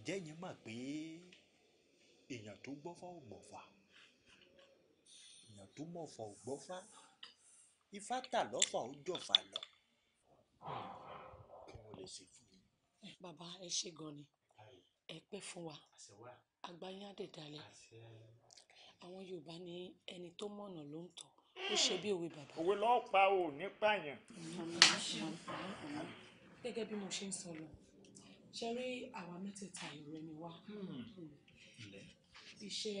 ǹjẹ́ yín mọ̀ pé èèyàn tó gbọ́fá ò gbọ́fá èèyàn tó mọ̀fọ̀ ò gbọ́fá ifá tà lọ́fà ó jọ̀fà lọ kí wọ́n lè ṣe fún yín. bàbá ẹ ṣe gan ni ẹ pẹ́ fún wa agbáyé á dẹ̀ dalẹ̀ àwọn yorùbá ní ẹni tó mọ̀nà ló ń tọ̀ ó ṣe bí òwe bàbá. òwe lọ́ọ́ pa ò ní pààyàn. gẹ́gẹ́ bí mo ṣe ń sọ lọ ṣe rí àwa mẹ́tẹ̀ẹ̀ta ìrẹ́ ni wá hmm. Hmm. iṣẹ́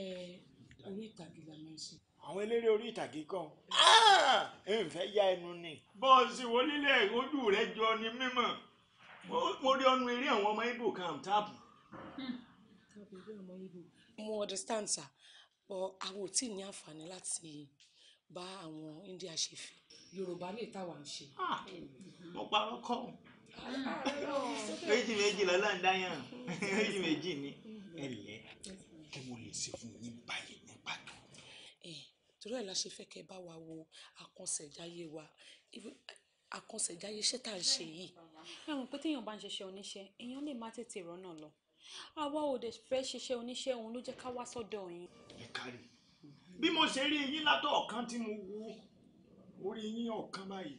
orí ìtàgé la máa ń ṣe. àwọn eléré orí ìtàgé kan ah! ẹ ń fẹ́ ya ẹnu ni. bọ́ọ̀sì wọlélẹ̀ ojú rẹ̀ jọ ni mímọ̀ mo rí ọnu eré àwọn ọmọ ibo kan táàbù. Hmm. mo understand sir but àwọn ò tí ì ní àǹfààní láti bá àwọn India ṣe fi Yorùbá lè táwa ṣe. Ah! mo parọ́ kọ́ ọ́n méjì méjì lọ́lọ́ ń dáyàn méjì méjì ni mm-hmm. ẹ̀lẹ́ kí mo lè ṣe fún yín báyìí ní pàtó. Eh, torí ẹ̀ la ṣe fẹ́ kẹ́ bá wa wo àkànṣẹ̀jáyé wa àkànṣẹ̀jáyé iṣẹ́ tá à ń ṣe yìí. ẹ mọ̀ pé téèyàn bá ń ṣiṣẹ́ oníṣẹ́ èèyàn lè má tètè rọ́nà lọ àwa ò dẹ̀ fẹ́ ṣiṣẹ́ oníṣẹ́ òun ló jẹ́ ká wá sọ́dọ̀ yín. ẹ kárí bí mo ṣe rí yín látọ̀ ọ̀kan tí mo wo orí yín ọ̀kan báyìí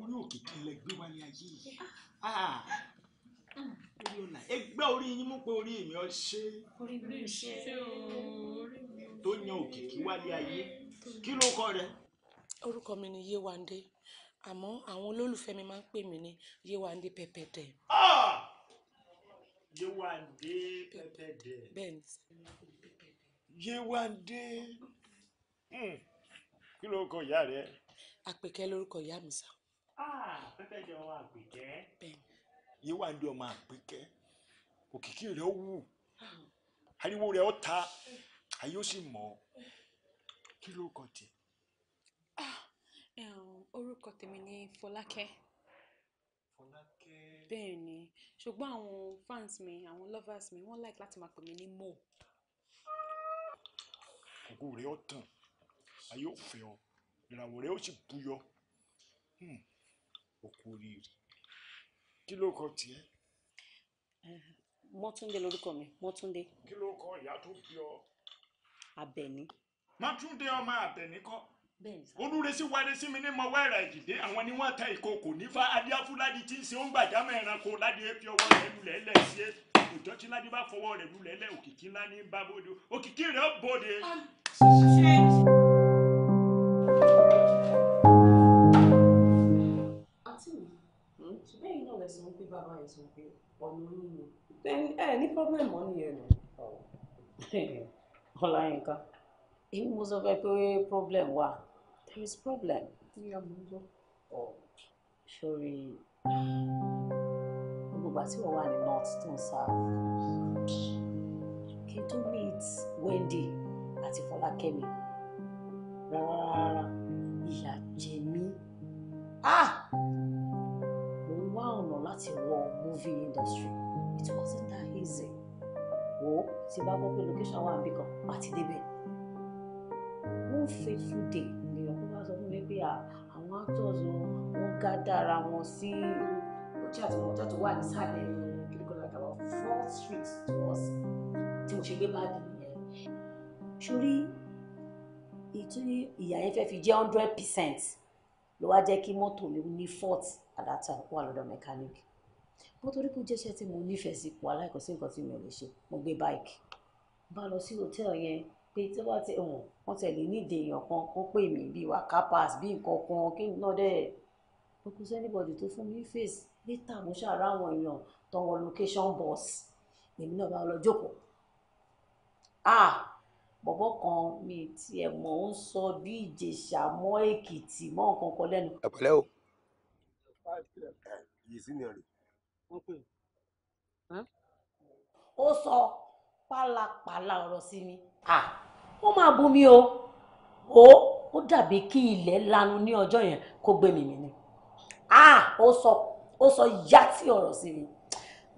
orí òkìkí lẹ gbé wálé ayé yìí ah, orí ọ̀la ẹgbẹ́ orí yín mú pé orí èmi ọ ṣe orí mi ṣe tó yan òkìkí wálé ayé kí ló kọ rẹ. orúkọ mi ni Yéwándé àmọ́ àwọn olólùfẹ́ mi máa ń pè mí ní Yéwándé pẹpẹdẹ. Ah! Yéwándé pẹpẹdẹ. bẹ́ẹ̀ni. Yéwándé hmm. kí ló kọ ìyá rẹ. Àpèkẹ́ lórúkọ ìyá mi sá. Ah, pẹ́pẹ́ jẹ́ ọmọ àpèkẹ́. yìí wà ní ọmọ àpèkẹ́ òkìkí rẹ̀ ó wù ariwo rẹ̀ ó ta ayé ó sì mọ̀ ọ́ kí ló kọ tì. Ah, orúkọ tèmi ni Fọlákẹ́. bẹ́ẹ̀ ni ṣùgbọ́n àwọn fans mi àwọn lovers mi wọ́n like láti máa pè mí ní Mo. ògo rẹ̀ ó tàn ayé ó fẹ́ ọ ìràwọ̀ rẹ̀ ó sì búyọ. Hmm ó kú oríire kí ló kọ tiẹ̀. mọ́túndé lórúkọ mi mọ́túndé. kí ló kọ ìyá tó fi ọ. àbẹ̀ní. mọ́túndé ọmọ àbẹ̀ní kọ́ olùrẹsì wáyé sí mi ní mọ wẹ́ẹ̀rẹ̀ ìdílé àwọn ni wọ́n ta ìkòkò nífa adíáfúládì tí ń ṣe ó ń gbàjámọ̀ ẹranko ládìí fi ọwọ́ rẹ̀ lulẹ̀ lẹ̀ sí ètò ìjọ́síládì bá fọwọ́ rẹ̀ lulẹ̀ lẹ̀ òkìkí ńlá ní bá bóde òkìkí rẹ̀ bóde. ọ̀hún ṣùgbọ́n èyí náà lè sọ pé bàbá yẹn sọ pé ọ̀nà yín problem mọ́ nìyẹn nù. Oh. problem wà there is problem. Oh. sorry. gbogbo àti wọ́n wà ní north to south kí n meet Wendy àti Fọlákẹ́mi rárá rárá ìyà jẹ Ah! movie industry it wasn't that easy wo tí bá gbọ́ pé location wà níbì kan àti débẹ̀ one faithful day ni ọkọ bá sọ fún mi pé àwọn actors wọn gádàra wọn sí ojú àti mọ́tò tó wà nísàlẹ̀ kíríkọ́ like about four streets to us tí mo ṣe gbé báàgì nìyẹn sórí ìtú ìyá yẹn fẹ́ fi jẹ́ hundred percent ló wá jẹ́ kí mọ́tò mi ní fault at that time wà lọ́dọ̀ mechanic wọ́n torí kò jẹ́ṣẹ́ tí mo nífẹ̀ẹ́ sí ipò aláìkọ́sí nǹkan tí mi ò lè ṣe mo gbé báìkì bá lọ sí hòtẹ́ẹ̀lì yẹn pé tí wọ́n ti wọ̀n wọ́n tẹ̀lé nídìí èèyàn kan kó pè mí bíi wákà pass bíi nǹkan kan kí n náà dẹ̀ mo kú sí anybody tó fún mi face later mo ṣàrà àwọn èèyàn tọwọ́ location bus èmi náà bá lọ jókòó ah bọ̀bọ̀ kan mi tiẹ̀ mọ̀ ń sọ bí ìjẹ̀ṣà mọ́ èkìtì mọ́ nǹkan kan lẹ́nu. ẹ o. yìí sí ni ọ̀rẹ́ wọ́n pè é. ó sọ pálapàla ọ̀rọ̀ sí mi ó máa bú mi o ó ó dàbí kí ilẹ̀ lanu ní ọjọ́ yẹn kó gbé mi mi ni ó sọ ó sọ yàtí ọ̀rọ̀ sí mi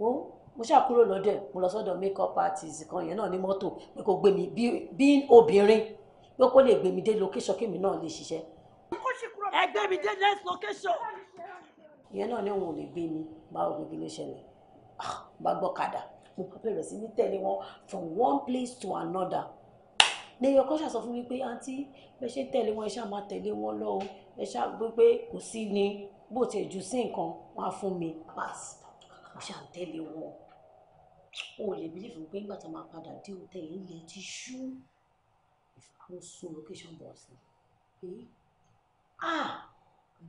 ó mo ṣáà kúrò lọ́dẹ̀ mo lọ sọ́dọ̀ makeup artist kan yẹn náà ní mọ́tò pé kó gbé mi bí obìnrin pé kó lè gbé mi dé location kémi náà lè ṣiṣẹ́. ẹ gbé mi dé next location ìyẹn náà léwọn ò lè gbé mi báwo gbégbé ló ṣẹlẹ̀ ah, bá gbọ́kadà mo bá bẹ̀rẹ̀ sí ní tẹ̀lé wọn from one place to another ní ẹyọ kọ́ṣà sọ fún mi pé àǹtí bẹ́ẹ̀ ṣe tẹ̀lé wọn ẹ ṣáà máa tẹ̀lé wọn lọ o ẹ ṣáà gbé pé kò sí ni bó ti jù sí nǹkan wọn á fún mi pass mo ṣáà ń tẹ̀lé wọn o lè bílífù pé nígbà tó máa padà dé òtẹ́ yìí ilẹ̀ ti ṣú ìfowópamọ́ sun location bus ni ah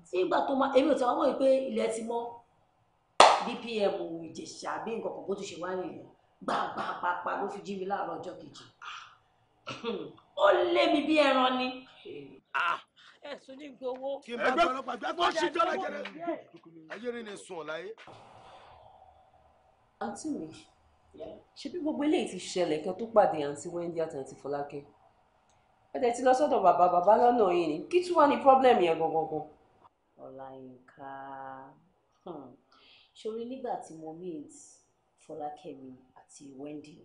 tí ìgbà tó máa èmi ò tẹ́wọ́ mọ̀ pé ilẹ̀ ti mọ́ DPM Ìjẹ̀ṣà bí nǹkan kan bó ti ṣe wá nìyẹn gbàgbàpàpà ló fi jí mi láàárọ̀ ọjọ́ kejì ó lé mi bí ẹran ni ẹ̀sùn ní gbowó. kí n bá gbọ́ ọlọ́pàá gbẹ́ kó ṣíjọ́ lẹ́jẹ̀rẹ́ ayéré ni sùn ọ̀láyé. àǹtí mi ṣe bí gbogbo eléyìí ti ṣẹlẹ̀ kí n tó pàdé àǹtí Wendy àtàǹtí Fọlákẹ́ ẹ tẹ̀ ti lọ sọ́dọ̀ bàbá bàbá lọ́nà yìí ni kí tún wá ní pọ́blẹ́mù yẹn gangan gan. Ọláyínká um hmm. ṣorí nígbà tí mo meet Fọlákẹ́mi àti Wendy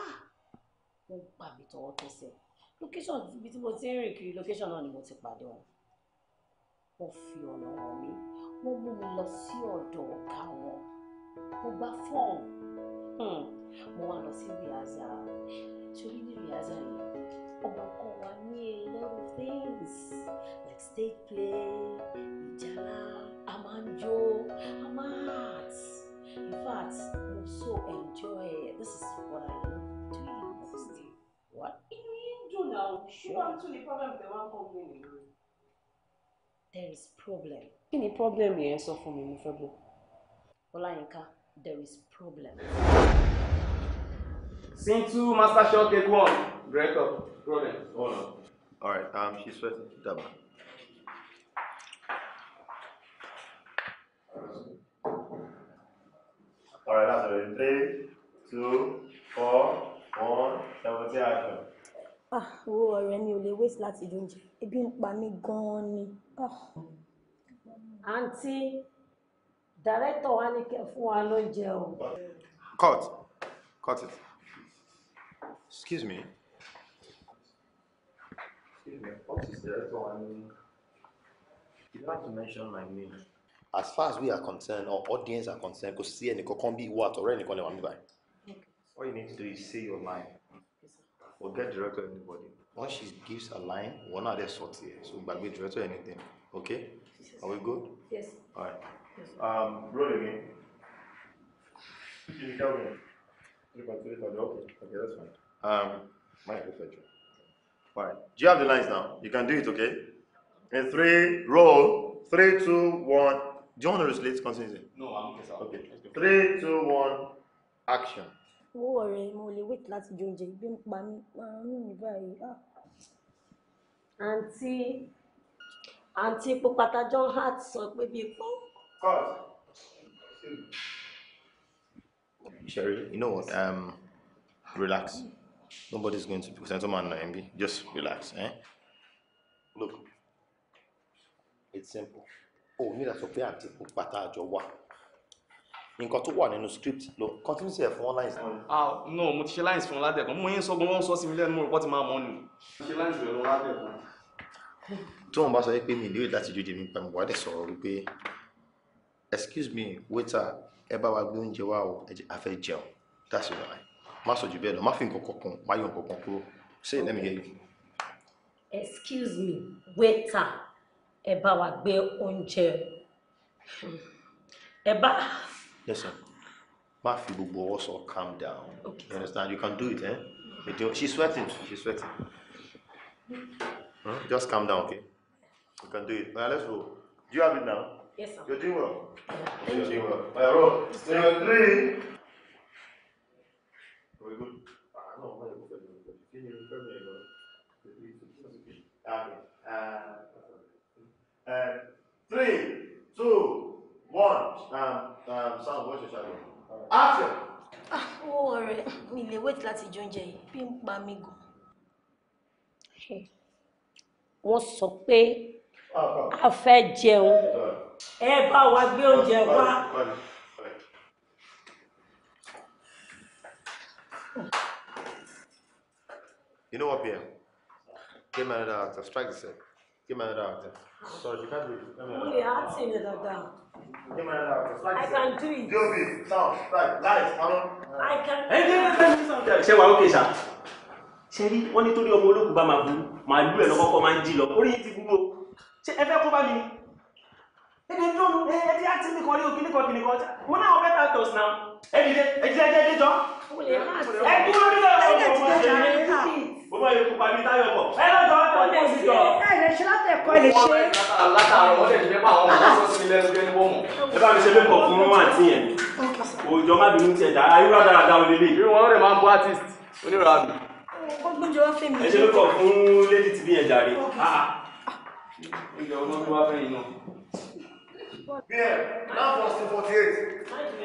ah wọ́n gbà mí tọwọ́ tẹsẹ̀ location ibi tí mo ti ń rìn kiri location náà ni mo ti pàdé wọn wọ́n fi ọ̀nà hàn mí wọ́n mú mi lọ sí ọ̀dọ̀ ọ̀gá wọn mo gba fọ́ọ̀mù hmm. mo wá lọ sí rìhásà sórí ní rìhásà yìí ọmọ kan wà ní a lot of things like stage play sure. Kí problem tẹ wá complain There is problem. Kí ni problem yẹn sọ fún mi mo fẹ́ gbọ́? Ọláyínká, there is problem. Scene two, master shot, take one. Director, problem. Hold on. All right, um, she's sweating. Daba. All right, that's it. Three, two, four, one. Seventeen action. Ah, wo ọ̀rẹ́ mi ò lè wait láti jóúnjẹ ebi ń pa mí gan-an ni. Ah. àǹtí dàrẹ́tọ̀ wa ní kẹ́ fún wa lóúnjẹ o. cut cut it excuse me. Excuse me, what is director wa You have to mention my name. As far as we are concerned our audience are concerned kò sí ẹnìkan kan bí ìwọ àtọ̀rẹ́ ẹnìkan lè wà níbàyìí. All you need to do is say your line or get director anybody. Once she gives a line, one are there sort here. So gbàgbé director anything. Okay? Are we good? Yes. All right. Yes. Um, roll again. You can win. Three by three, okay. Okay, that's fine. Um, my perfect. All right. Do you have the lines now? You can do it, okay? In three, roll. Three, two, one. Do you want to relate? Continue. No, I'm okay. Okay. Three, two, one. Action owó ọ̀rẹ́ mo lè wait láti jẹ oúnjẹ ìgbé ń pa mí máa ń rìn báyìí. Ah. àǹtí àǹtí pupata john hart sọ pé bíi pọ́n. Sherry, you know what? Um, relax. Nobody's going to be gentleman na MB. Just relax. Eh? Look, it's simple. Oh, mi ra sọ pé àǹtí pupata àjọ wà nǹkan tó wà nínú script lo continue sí ẹ̀ fún ah no mo ti ṣe lines fún ládẹ́kun mo yín sọ gbọ́n wọ́n sọ sí mi lẹ́nu mo rò pọ́ ti máa mọ́ ni. ṣe lines rẹ̀ lọ ládẹ́kun. tí wọ́n bá sọ pé mi ìlérí láti jóde mi pẹ̀lú wàá dẹ̀ sọ̀rọ̀ wípé excuse me waiter ẹ bá wa gbé oúnjẹ wa o a fẹ́ jẹun that's why má sọ jù bẹ́ẹ̀ lọ má fi nǹkan kọ̀ọ̀kan má yọ nǹkan kan kúrò say let me hear you. excuse me waiter ẹ bá wa gbé oúnjẹ ẹ bá listen má fi also calm down okay. you understand you can do it eh? do, she's sweating she's sweating hmm? just calm down okay you can do it well let's go do you have it now yes sir you're doing well Thank you're doing well well three. Very Ah, you refer me? Okay. Uh, uh, three, two, One, um, um, Sam, what's your shadow? Action! Ah, owó oh, ọ̀rẹ́ mi lè wait láti jẹ oúnjẹ yìí bí ń pa mí gan. Wọ́n sọ pé ah, a fẹ́ jẹun. Ẹ bá wa gbé oúnjẹ wá. You know what, Pierre? Give me another actor. Strike the set. Give me another hour. Sorry, you can't do it. Only ask another down. Give I can do it. Joby, sound, right, light, come on. I can. Hey, hey, hey, hey, ṣé wà ókè ṣá? Ṣé rí wọ́n nítorí ọmọ ológun bá máa bú màálù ẹ̀ lọ́kọ́kọ́ máa ń jí lọ. Orí yìí ti gbogbo. Ṣé ẹ fẹ́ kó bá mi? Èdè dùn ẹ ẹ ti àti mi kan rí òkìní kan kìnìkan. Mo náà wọ́n fẹ́ ta tọ̀sí náà. Ẹ dìde, ẹ dìde, ẹ dìde jọ. Ẹ dúró nílẹ̀ ọ̀rọ̀ ọ̀rọ̀ ọ̀rọ̀ ọ̀rọ̀ ó máa yẹ kó pa mi táyọ̀ bọ̀. ẹ lọ́jọ́ ọ̀tọ̀ ní oṣù jọ. ẹ lè ṣe látẹ̀kọ́ ẹ lè ṣe. látàárọ̀ wọ́n tẹ̀lé bá àwọn ọmọ sọ́sí mi lẹ́nu bẹ́ẹ̀ ni wọ́n mọ̀. ẹ bá mi ṣe lẹ́kọ̀ọ́ fún wọn àti yẹn. òòjọ́ má bínú tiẹ̀ dá ayé rádà rádà òde lè. irun wọn rẹ̀ máa ń bọ́ artist onírànú. ẹ ṣe lẹ́kọ̀ọ́ fún lady tv yẹn jàre. bíẹ̀ ah,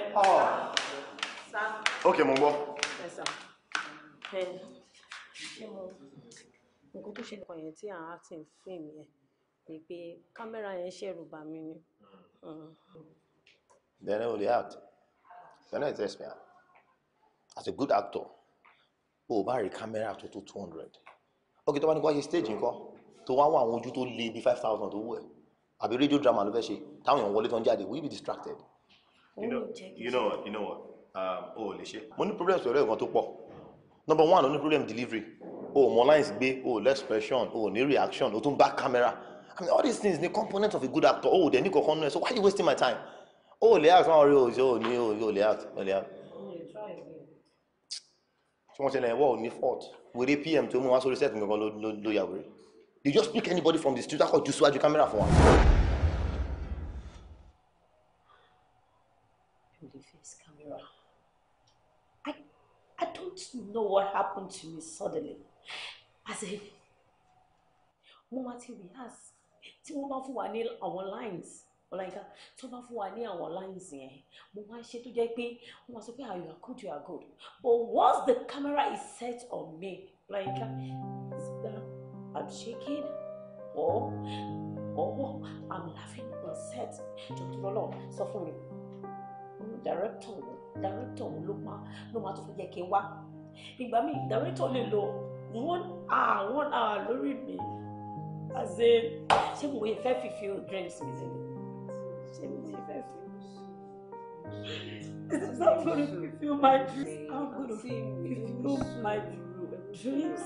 ah. náà fọ́ nǹkan tó ṣẹlẹ̀ kan yẹn tí à ń acting yẹn ni pé kámẹ́rà yẹn ṣẹ̀rù bà mí ni. Mm. then how they act you're not a test man as a good actor o ò bá rí kámẹ́rà tó tó two hundred ok tó bá ní kó ṣe stage nǹkan tó wá wọ àwọn ojú tó le bíi five thousand tó wù ẹ́ àbí rédíò drama ló fẹ́ ṣe táwọn èèyàn wọlé tó ń jáde will you be distracted. you know what you know what um, o ò lè ṣe. mo ní problems pẹ̀lú ẹ̀gbọ́n tó pọ̀ number one o problem delivery Oh, ò mọ lines gbé less expression Oh, ò reaction o tún back camera i mean all these things ni component of a good actor Oh, ò dẹ̀ ní kankan náà so why you wasting my time o ò lè act wọn rí o ṣe o ní o ò lè act o lè act. tí wọ́n ṣe lẹ́yìn wọ́ọ̀ ní fault wèrè pm tó mú wá sórí set nìkan ló yà wèrè they just pick anybody from the studio that call jusu wájú camera for one? to know what happened to me suddenly as if wọ́n máa ti rehearse tí wọ́n bá fún wa ní lines ọ̀làyínká tó bá fún wa ní àwọn lines yẹn mo máa ń ṣe tó jẹ́ pé wọ́n ah, you are good you are good but once the camera is set on me ọ̀làyínká sit down I'm shaking or oh, I'm laughing on set jọ̀dún lọ́lọ́ sọ fún mi director director look máa ló máa tó fi yẹ kí ìgbà mi ìdáwẹ́tọ̀ lè lọ one hour one hour lórí mi as in ṣé mo yẹ fẹ́ fi feel dreams mi sílẹ̀ ṣé mo yẹ fẹ́ fi. I'm not going to fulfill my dreams. I'm going to fulfill my dreams.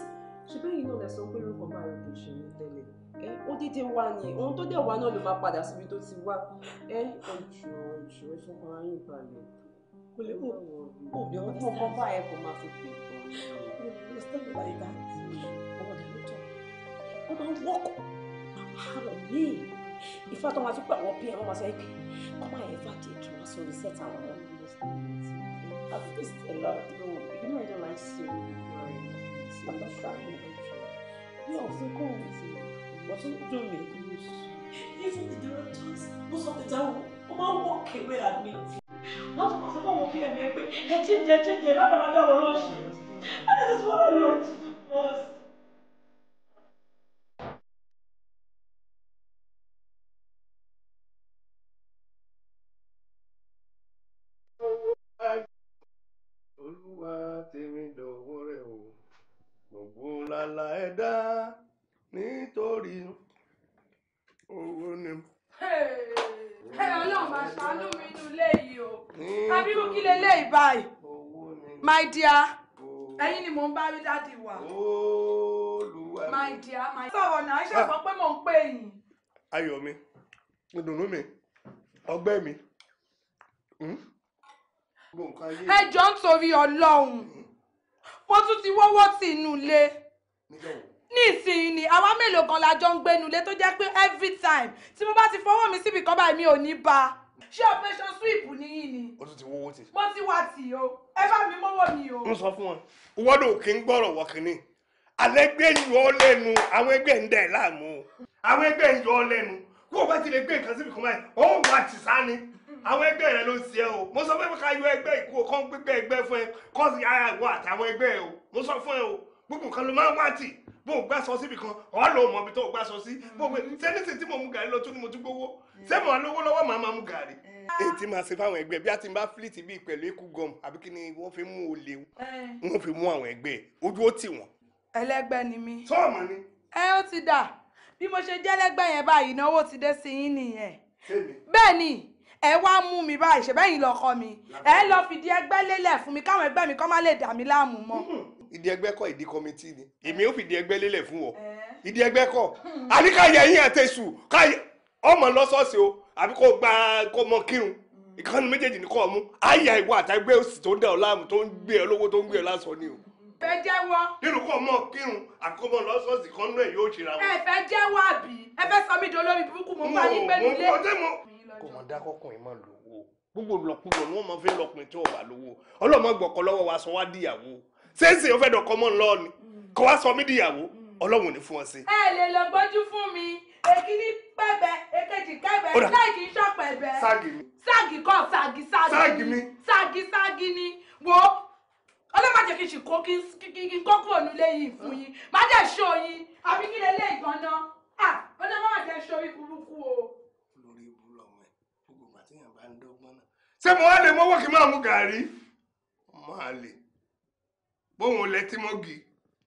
ṣùgbọ́n yìí náà lè sọ pé orúkọ máa rẹ̀ kò ṣe tẹ́lẹ̀ eh, ó dídé wá ni ohun tó dẹ̀ wá náà ló máa padà síbi tó ti wá eh, ẹ ọjọ́ ọjọ́ ìfọkànlá yìí balẹ̀ mo lè mọ̀ òbí ọmọ tí mo kọ́ bá ẹ kò máa fi pè é mo lè stop by that ọmọ rẹ ló tọ́ ó máa ń wọ́kọ̀ àárọ̀ mi ìfá tó máa tún pé àwọn pm máa sọ pé kọ́ máa yẹ fà díẹ̀ kí wọ́n sọ ní sẹ́tà àwọn ọmọ I've missed a lot of people you know I don't like seeing you I'm not trying you are so cold but you don't make me even the directors most of the time ó máa ń walk away at me wọ́n tún sọ fún àwọn òbí ẹ̀mí pé ẹ jíjẹ jíjẹ ládàradà wọn lọ́sùn and this is what I learned was. olúwa tèmi dọ̀wọ́ nítorí owó ni. ẹ ọlọ́run máa ṣàánú mi abiru kí lè lé ìbáyìí my dear ẹ̀yin ni mò ń bá rí dáàdi wa my dear my dear sọ̀rọ̀ náà ṣe pé mò ń pè yín. ayọ̀ mi ìdùnnú mi ọgbẹ́ mi. Hmm? ẹ jọ ń torí ọlọ́run wọ́n hmm? tún ti wọ́wọ́ sí inú ilé nísìnyí ni àwa mélòó kan la jọ ń gbénu ilé tó jẹ́ pé every tí mo bá ti fọwọ́ mi síbi kan báyìí mi ò ní bá a ṣé operation sweep ni yín ni. o tún ti wọ́wọ́ tì. mo ti wá tì o ẹ bá mi mọ́wọ́ mi o. n sọ fún wọn wọ́dọ̀ kì í gbọ́rọ̀ wọ kínní alẹ́ gbé yọ lẹ́nu àwọn ẹgbẹ́ ń dà ẹ̀ láàmú àwọn ẹgbẹ́ yọ lẹ́nu kó o bá ti lè gbé nǹkan síbi kan báyìí ó wà tì sáni àwọn ẹgbẹ́ rẹ ló ń ṣe o mo sọ fún ẹ ká yọ ẹgbẹ́ ìkú o kọ́ fún ẹ kọ́ sí àtàwọn ẹgbẹ́ o mo sọ fún ẹ o gbogbo nǹkan ló máa ń wá tì bó o gbá sọ síbi kan ọ̀ lọ mọ̀ ibi tó o gbá sọ sí bó o gbé sẹ́nìtì tí mo mú gàrí lọ tún ni mo tún gbówó sẹ́mu alówó lọ́wọ́ màá máa mú gàrí. Eh. èyí tí màá ṣe fáwọn ẹgbẹ́ bí a ti ń bá fleet bíi pẹ̀lú ikú gum àbí kí ni wọ́n fi mú olè eh. wọ́n fi mú àwọn ẹgbẹ́ ojú ó tì wọ́n. ẹlẹgbẹ́ ni mi. sọọmọ ni. ẹ eh, ó ti dà bí mo ṣe jẹ́ lẹ́gbẹ́ yẹn báyìí náwó ti dé sí yín nìyẹn. bẹ́ẹ̀ ni ẹ wá mú mi báyìí ṣẹ̀bẹ́yìn lọ́kọ mi ẹ lọ fìdí ẹgbẹ́ lélẹ̀ fún mi káwọn ẹgbẹ́ mi kọ́ má lè dà mí láàmú mọ́. Hmm ìdí ẹgbẹ́ kọ́ ìdí kọ́mítì ni èmi ò eh. fìdí ẹgbẹ́ lélẹ̀ fún ọ eh. ìdí ẹgbẹ́ kọ́ hmm. àní ká yẹ yín àtẹ̀sù ká ọmọ lọ́sọ̀ọ̀sẹ̀ o àbí kó gba kó mọ kírun hmm. ìkànnì méjèèjì ní kọ́ ọmú àyà ìwọ àtàgbé òsì tó ń dà ọ láàmú tó ń gbé ọ lówó tó ń gbé ọ lásán ni o. fẹ́ jẹ́wọ́. nínú kọ́ ọmọ kírun àkókò lọ́sọ̀ọ̀sì kan náà yóò ṣe ra wọn. ẹ fẹ́ jẹ́wọ́ àbí ẹ fẹ́ sọ mí di olórí burúkú mo bá yín pẹ̀lú ilé. kò mọ̀ dákọ́kùnrin mọ́ lówó gbogbo lọ́kùnrin wọn máa fi lọ́kùnrin tí wọ́n wà lówó ọlọ́mọ gbọ̀kọ́ lọ́wọ́ wa sọ wá díyàwó ṣéǹsì ó fẹ́ dọ̀kọ́ mọ́ ńlọ ni mm. kó wá sọ mí dìyàwó mm. ọlọ́run ní fún ọ sí. ẹ lè lọ gbójú fún mi èkíní pẹ̀bẹ̀ èkejì kẹ̀bẹ̀ lẹ́ẹ̀kì ṣọ̀pẹ̀bẹ̀ ságì kọ́ ságì ságì ni ságì ságì ni wo ọlọ́mọdé kì í ṣì kó kí n kó kúrò nílé yìí fún yín má dẹ̀ ṣó yín àbí kí lélẹ́ ìgbọ́nà ọlọ́mọdé ṣó yín burúkú o. lórí ibùdó ọmọ ẹ gbogbo àti ìyàbá ń dọ́gbọ́n náà. ṣé mo wá lè mọ́wọ́ kí n máa mú gàárì? máa lè bóun lẹ tí mọ́gì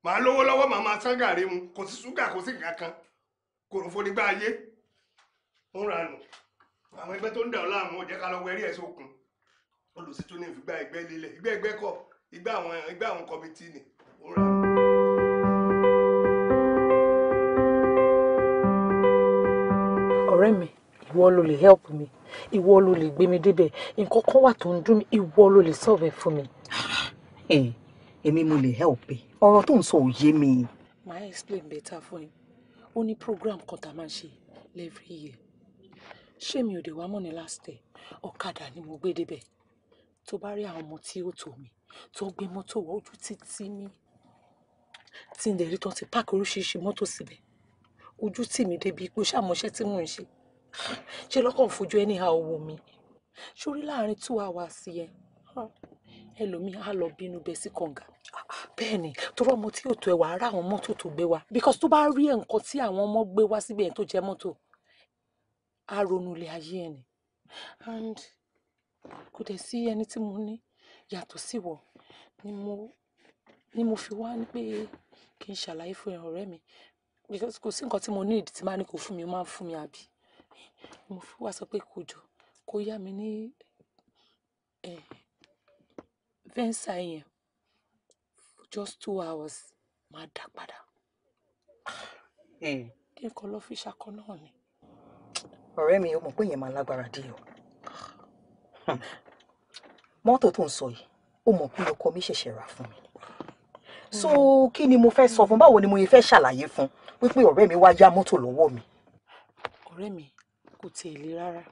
màá lówó lọ́wọ́ màá máa sán gàrí mu kò sí ṣúgà kò sí kankan kòròfo nígbà ayé ó ń ranù àwọn ẹgbẹ́ tó ń dà ọ́ láàmú ọ̀jẹ́ ká lọ wẹrí ẹ̀ sókun olùsítú ní ìfìgbà ẹgbẹ́ lílẹ̀ ìgbẹ́ ẹgbẹ́ kọ ìgbà àwọn ìgbà àwọn kọmitì ni ó ranù. ọ̀rẹ́ mi ìwọ ló lè help me. ìwọ ló lè gbé mi débẹ̀ nǹkan kan wà tó ń dùn mí ìwọ ló lè solve fún mi. Eh èmi mo lè help ẹ ọ̀rọ̀ tó ń sọ ò yé mi. màá explain better for yín ó ní program kan tá a máa ń ṣe every year ṣé mi ò dé wá mọ̀ ní last day ọ̀kadà ni mo gbé débẹ̀ tó bá rí àwọn ọmọ tí ó tò mí tó gbé mọ́tò wọ ojú títí mi tí n lè rí tó ti páàkì oríṣiríṣi mọ́tò síbẹ̀ ojú tì mí débi pé ṣàmọṣẹ́ tí mò ń ṣe ṣe lọ́kàn fojú ẹni ha owó mi sórí láàrin two hours yẹn ẹlòmíì á lọ bínú bẹ sí kànga ah, ah, bẹ́ẹ̀ ni torí ọmọ tí yóò tó ẹwà ara àwọn mọ́tò tó gbé wa because tó bá rí ẹ̀ nǹkan tí àwọn ọmọ gbé wá síbẹ̀ yẹn tó jẹ́ mọ́tò á ronú ilé ayé ẹ̀ ni and kò dẹ̀ sí ẹni tí mo ní yàtọ̀ síwọ ni mo ni mo fi wá ní pé kí n ṣàlàyé fún ọ̀rẹ́ mi because kò sí nǹkan tí mo ní ìdí tí máa ní kò fún mi ó máa fún mi àbí mo fi wá sọ pé kò jọ kó yá mi ní adventure yẹn for just two hours máa dá padà. Hmm. kí n kọ́ lọ fi ṣakọ náà ni. ọ̀rẹ́ mi ò mọ̀ pé ìyẹn máa lágbára díẹ̀ o mọ́tò tó ń sọ yìí ó mọ̀ pé ọkọ mi ṣẹ̀ṣẹ̀ rà fún mi hmm. so kí ni mo fẹ́ sọ fún báwo ni mo yẹ fẹ́ ṣàlàyé fún wípé ọ̀rẹ́ mi wá yá mọ́tò lọ́wọ́ mi. ọ̀rẹ́ mi kò tiẹ̀ le rárá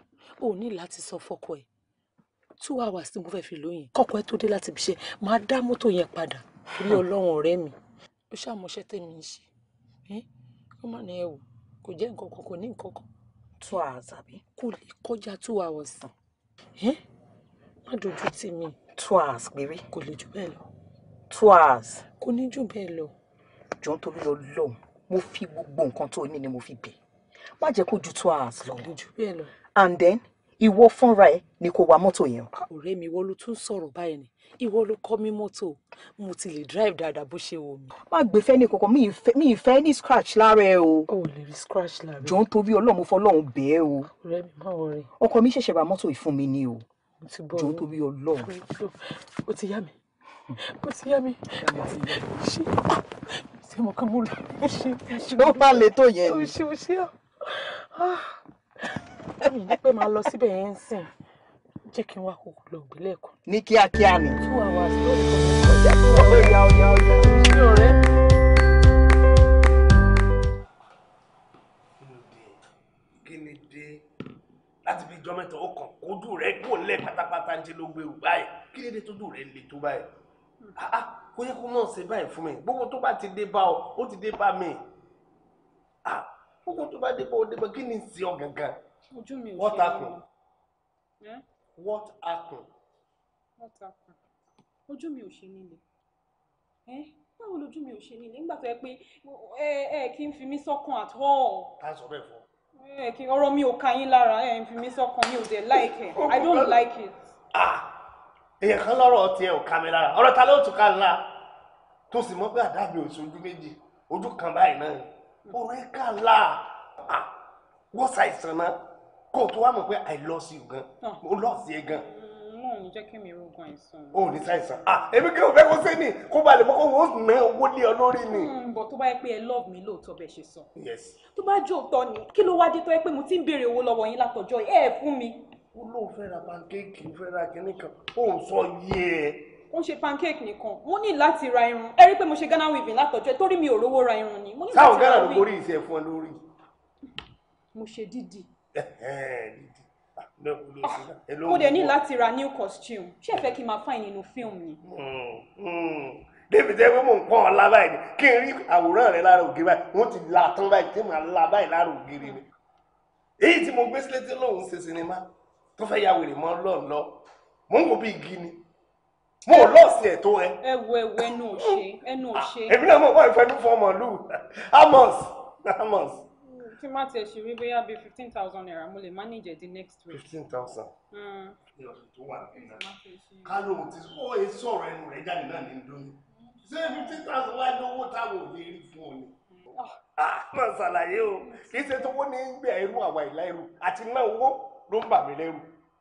o ní láti sọ fọ́kọ ẹ̀ two hours tí mo fẹ́ fi lóyìn kọ́kọ́ ẹ tó dé láti ibiṣẹ́ máa dá mọ́tò yẹn padà torí ọlọ́run ọ̀rẹ́ mi ó ṣàmọ̀ṣẹ́ tèmi ń ṣe ó mà ní ẹ̀wò kò jẹ́ nǹkan kan kò ní nǹkan kan. two hours àbí. kò lè kọjá two hours má dojú tì mí. two hours péré. kò lè jù bẹ́ẹ̀ lọ. two hours. kò ní jù bẹ́ẹ̀ lọ. jọ ń torí lọ lọ́hùn mo fi gbogbo nǹkan tó ní ni mo fi bẹ̀ má jẹ́ kó ju two hours lọ. kò lè jù bẹ́ẹ̀ lọ. and then ìwọ fúnra ẹ ni kò wa mọ́tò yẹn. ọ̀rẹ́ mi ìwọ ló tún sọ̀rọ̀ báyìí ni ìwọ ló kọ́ mi mọ́tò mo ti lè drive dáadáa bó ṣe wò mí. má gbé fẹ́ni kankan mi ì fẹ́ ní scratch lára ẹ o. o lè rí scratch lára ẹ. jọ ń torí ọlọ́run mo fọlọ́run bẹ́ẹ̀ o. ọ̀rẹ́ mi má wọrí. ọkọ mi ṣẹ̀ṣẹ̀ ra mọ́tò ìfún mi ni o. mo ti bọ̀ jọ ń torí ọlọ́run. o ti yá mi o ti yá mi ṣe mo kàn mo lọ ṣé ó bá le tó yẹn ni mi ní pé máa lọ síbẹ̀ yẹn ń sìn jẹ́ kí n wá kókó lọ gbé lẹ́ẹ̀kan. ní kíákíá ni. kí ni dé láti fi jọ mẹ́ta ó kàn kójú rẹ kó lẹ pátápátá ń ló gbé báyìí kí ni dé tójú rẹ le tó báyìí ah, ah, kó yẹ kó mọ̀ ṣe báyìí fún mi gbogbo tó bá ti dé bá ọ ó ti dé bá mi ah, gbogbo tó bá dé bá ọ dé bá kí ni ń ṣe ọ gangan ojú mi ò ṣe what happen what happen what happen ojú mi ò ṣe nílé báwo lójú mi ò ṣe nílé nígbà tó yẹ pé ẹ ẹ kí n fi mí sọ́kàn at all. tá a sọ bẹ́ẹ̀ fún. ẹ kí ọ̀rọ̀ mi ò ka yín lára ẹ ń fi mí sọ́kàn mi ò dé like it i don't like it. èèyàn kan lọ́rọ̀ tiẹ̀ ò ká mi lára ọ̀rọ̀ ta ló tún ká ńlá tó sì mọ́ pé àdá mi ò sojú méjì ojú kan báyìí náà ọ̀rọ̀ ẹ̀ ká ńlá wọ́n ṣàìsàn náà kó o tó wá mọ̀ pé i lost you gan o lost yẹ gan. mo ò ní jẹ́ kí mi rogun àìsàn. o ò ní ṣàìsàn ah èmi kí o fẹ́ kó sẹ́ni kó ba lè mọ kó o ná owó lé ọ lórí ni. Hmm, bọ̀ tó bá yẹ pé ẹ love mi lóòótọ́ bẹ́ẹ̀ ṣe sọ. yes. tó bá jó òótọ́ ni kí ló wá dé tó yẹ pé mo ti ń béèrè owó lọ́wọ́ yín látọjọ́ ẹ ẹ fún mi. ó lóun fẹ́ ra pankéèkì fẹ́ ra kinní kan ó sọ yé ẹ e. ó ń ṣe pancake nìkan mo ní láti ra irun ẹ rí i pé mo ṣe ghana weaving látọjọ́ ẹ torí mi ò rówó ra irun ni. sáwọn ghana ló borí iṣẹ́ fún ẹ lórí. mo ṣe dídì mo dẹ̀ ní láti ra new costume ṣé ẹ fẹ́ kí n máa fáìn nínú fíìmù ni. débi tẹ́ pé mò ń pọ́n ọ lá báyìí kí n rí àwòrán rẹ lára ògiri báyìí wọ́n ti la tán báyìí tí màá la báyìí lára ògiri ni. èyí tí mo gbé sílé tí lóun ṣe sinimá tó fẹ́ ya wèrè mọ́ lọ́ọ̀ lọ mò ń wò bí igi ni mo ò lọ́ọ̀sì ẹ̀ tó ẹ. ẹ wo ẹwọ ẹnu ò ẹnu ò èmi náà mo wá ìfẹ́ ní fọmọlú Amos Amos tí má tiẹ̀ ṣì rí bóyá bíi fifteen thousand naira mo lè manage the next week. fifteen thousand. Hmm. ní ọ̀sẹ̀ tó wà nínú náà ká lóun ti sọ ẹ sọ̀rọ̀ ẹnu rẹ̀ jáde náà ní lóyún ṣé fifteen thousand wá lówó táwọn ò lè rí fún ọ ni. Ah. máa ṣàlàyé o kì í ṣe tówó ní gbé ẹrú àwa ìlà ẹrú àti náà owó ló ń bà mí lẹ́rù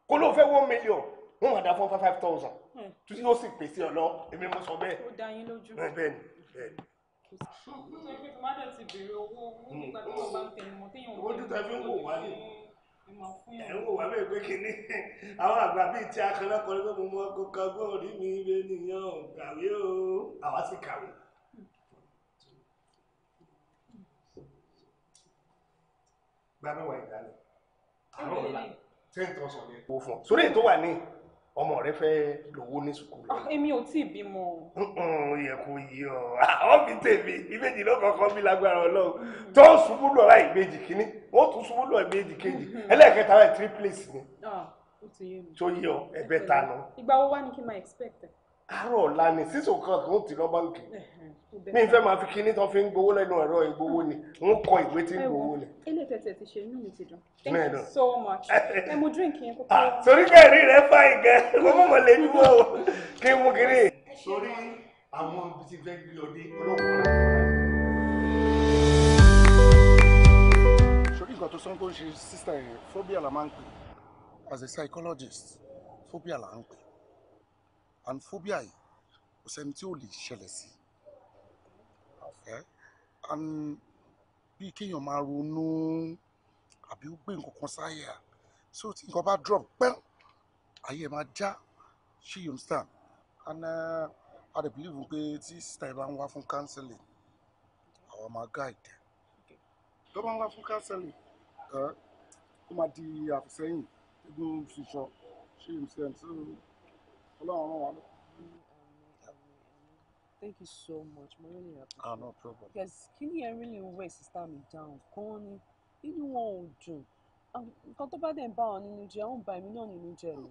kó ló fẹ́ wọ́n mílíọ̀n wọ́n máa dá fún five thousand hmm. tí yóò sì pèsè ọ lọ èmi mo sọ bẹ́ẹ̀. ó dá yín lójú. bẹ́ẹ̀ ni bẹ́ẹ̀ ni kò sí. àwọn àgbà bíi ti akẹ́lẹ́kọ̀ọ́ ni pé mo mọ ọkọ̀ kan gbọ́n rí mi lé nìyẹn kàwé o àwa sì kàwé. gbàmẹ́wàá ìdálẹ̀ àárọ̀ ọ̀la tẹ́ǹtì ọ̀sán ni. sórí ètò wà ní ọmọ rẹ fẹ́ lówó ní sùkúl. Ah, èmi ò tí ì bímọ. ó yẹ kó yí ọ àwọn ah, mi tèmi ìbejì ló kọ́kọ́ bí lágbára Ọlọ́run mm-hmm. tó ṣubú lọ ra ìbejì kínní wọ́n tún ṣubú lọ ìbejì kejì mm-hmm. ẹlẹ́ẹ̀kẹta rẹ triplets ni ah, tó yí ọ ẹ̀bẹ̀ ta lọ. ìgbà wo wá ni kí n máa expect ẹ àárọ̀ ọ̀la ni sísò kan kò ń lọ báńkì mi fẹ́ máa fi kíní tán fi ń gbowó lẹ́nu ẹ̀rọ ìgbowó ni ń kọ ìwé tí ń gbowó ni. ilé tẹ̀tẹ̀ ti ṣe inú mi ti dùn thank you so much ẹ drink yẹn kókó. Ah, torí bẹ́ẹ̀ rí rẹ fáyì gan mo mọ̀ lè ní o kí n mú kiri. sórí àwọn ti fẹ́ gbé lọ olókùnrin. sórí ìgbà tó sọ ń ṣe sísá ẹ̀ fóbíà la máa ń pè as a psychologist fóbíà la ń pè and phobia yìí kò sẹ́ni tí ò lè ṣẹlẹ̀ sí and bí kéèyàn máa ronú àbí ó gbé nǹkan kan sáyà so tí nǹkan bá drop pẹ́ẹ́n ayé ẹ̀ máa já ṣé you understand and uh, I dey believe pé tí sista ẹ bá ń wá fún counseling àwọn máa guide tó bá ń wá fún counseling ó máa di àfisẹ́yìn egun ṣiṣọ ṣé you understand so. Ọlọ́run ràn lọ. Thank you so much. Mo really appreciate it. Ah, no problem. Because kíní yẹn really ń wẹ̀ sísá mi down gan ni. Inú wọn ò dùn. Nǹkan tó bá dẹ̀ ń bá wọn nínú jẹ́, ó ba èmi náà nínú jẹ́ ni.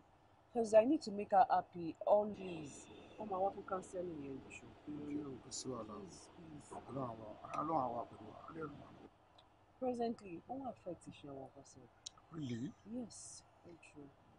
Because I need to make her happy always. Wọ́n máa wá fún counseling yẹn jù. Kò sí wàhálà. Ọlọ́run àwọn àpèrè wa. Presently, ó wà fẹ́ ti ṣe ọwọ́ kan Really? Yes, very true.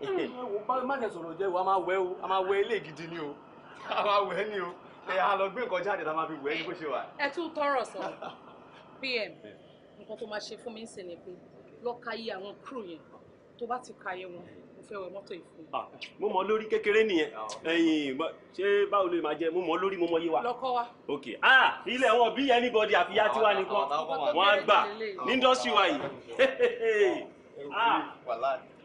Eh, má jẹ sọ̀rọ̀ jẹ́ wa máa wẹ̀ o a máa wẹ̀ ilé gidi ni o a máa wẹ̀ ni o ẹ a lọ gbé nǹkan jáde la máa fi wẹ̀ ni bó ṣe wà. ẹ tún tọrọ sọ pm nǹkan tó máa ṣe fún mi ń sìn ni pé lọ ka iye àwọn crew yẹn tó bá ti ka iye wọn mo fẹ́ wẹ mọ́tò yìí fún mi. Ah, mo mọ lórí kékeré nìyẹn ẹyin ṣé báwo ló máa jẹ mo mọ lórí mo mọ iye wa. lọkọ wa. ok ah ilé wọn bí anybody àfi yá tiwa nìkan wọn á gbà ní industry wa yìí ah.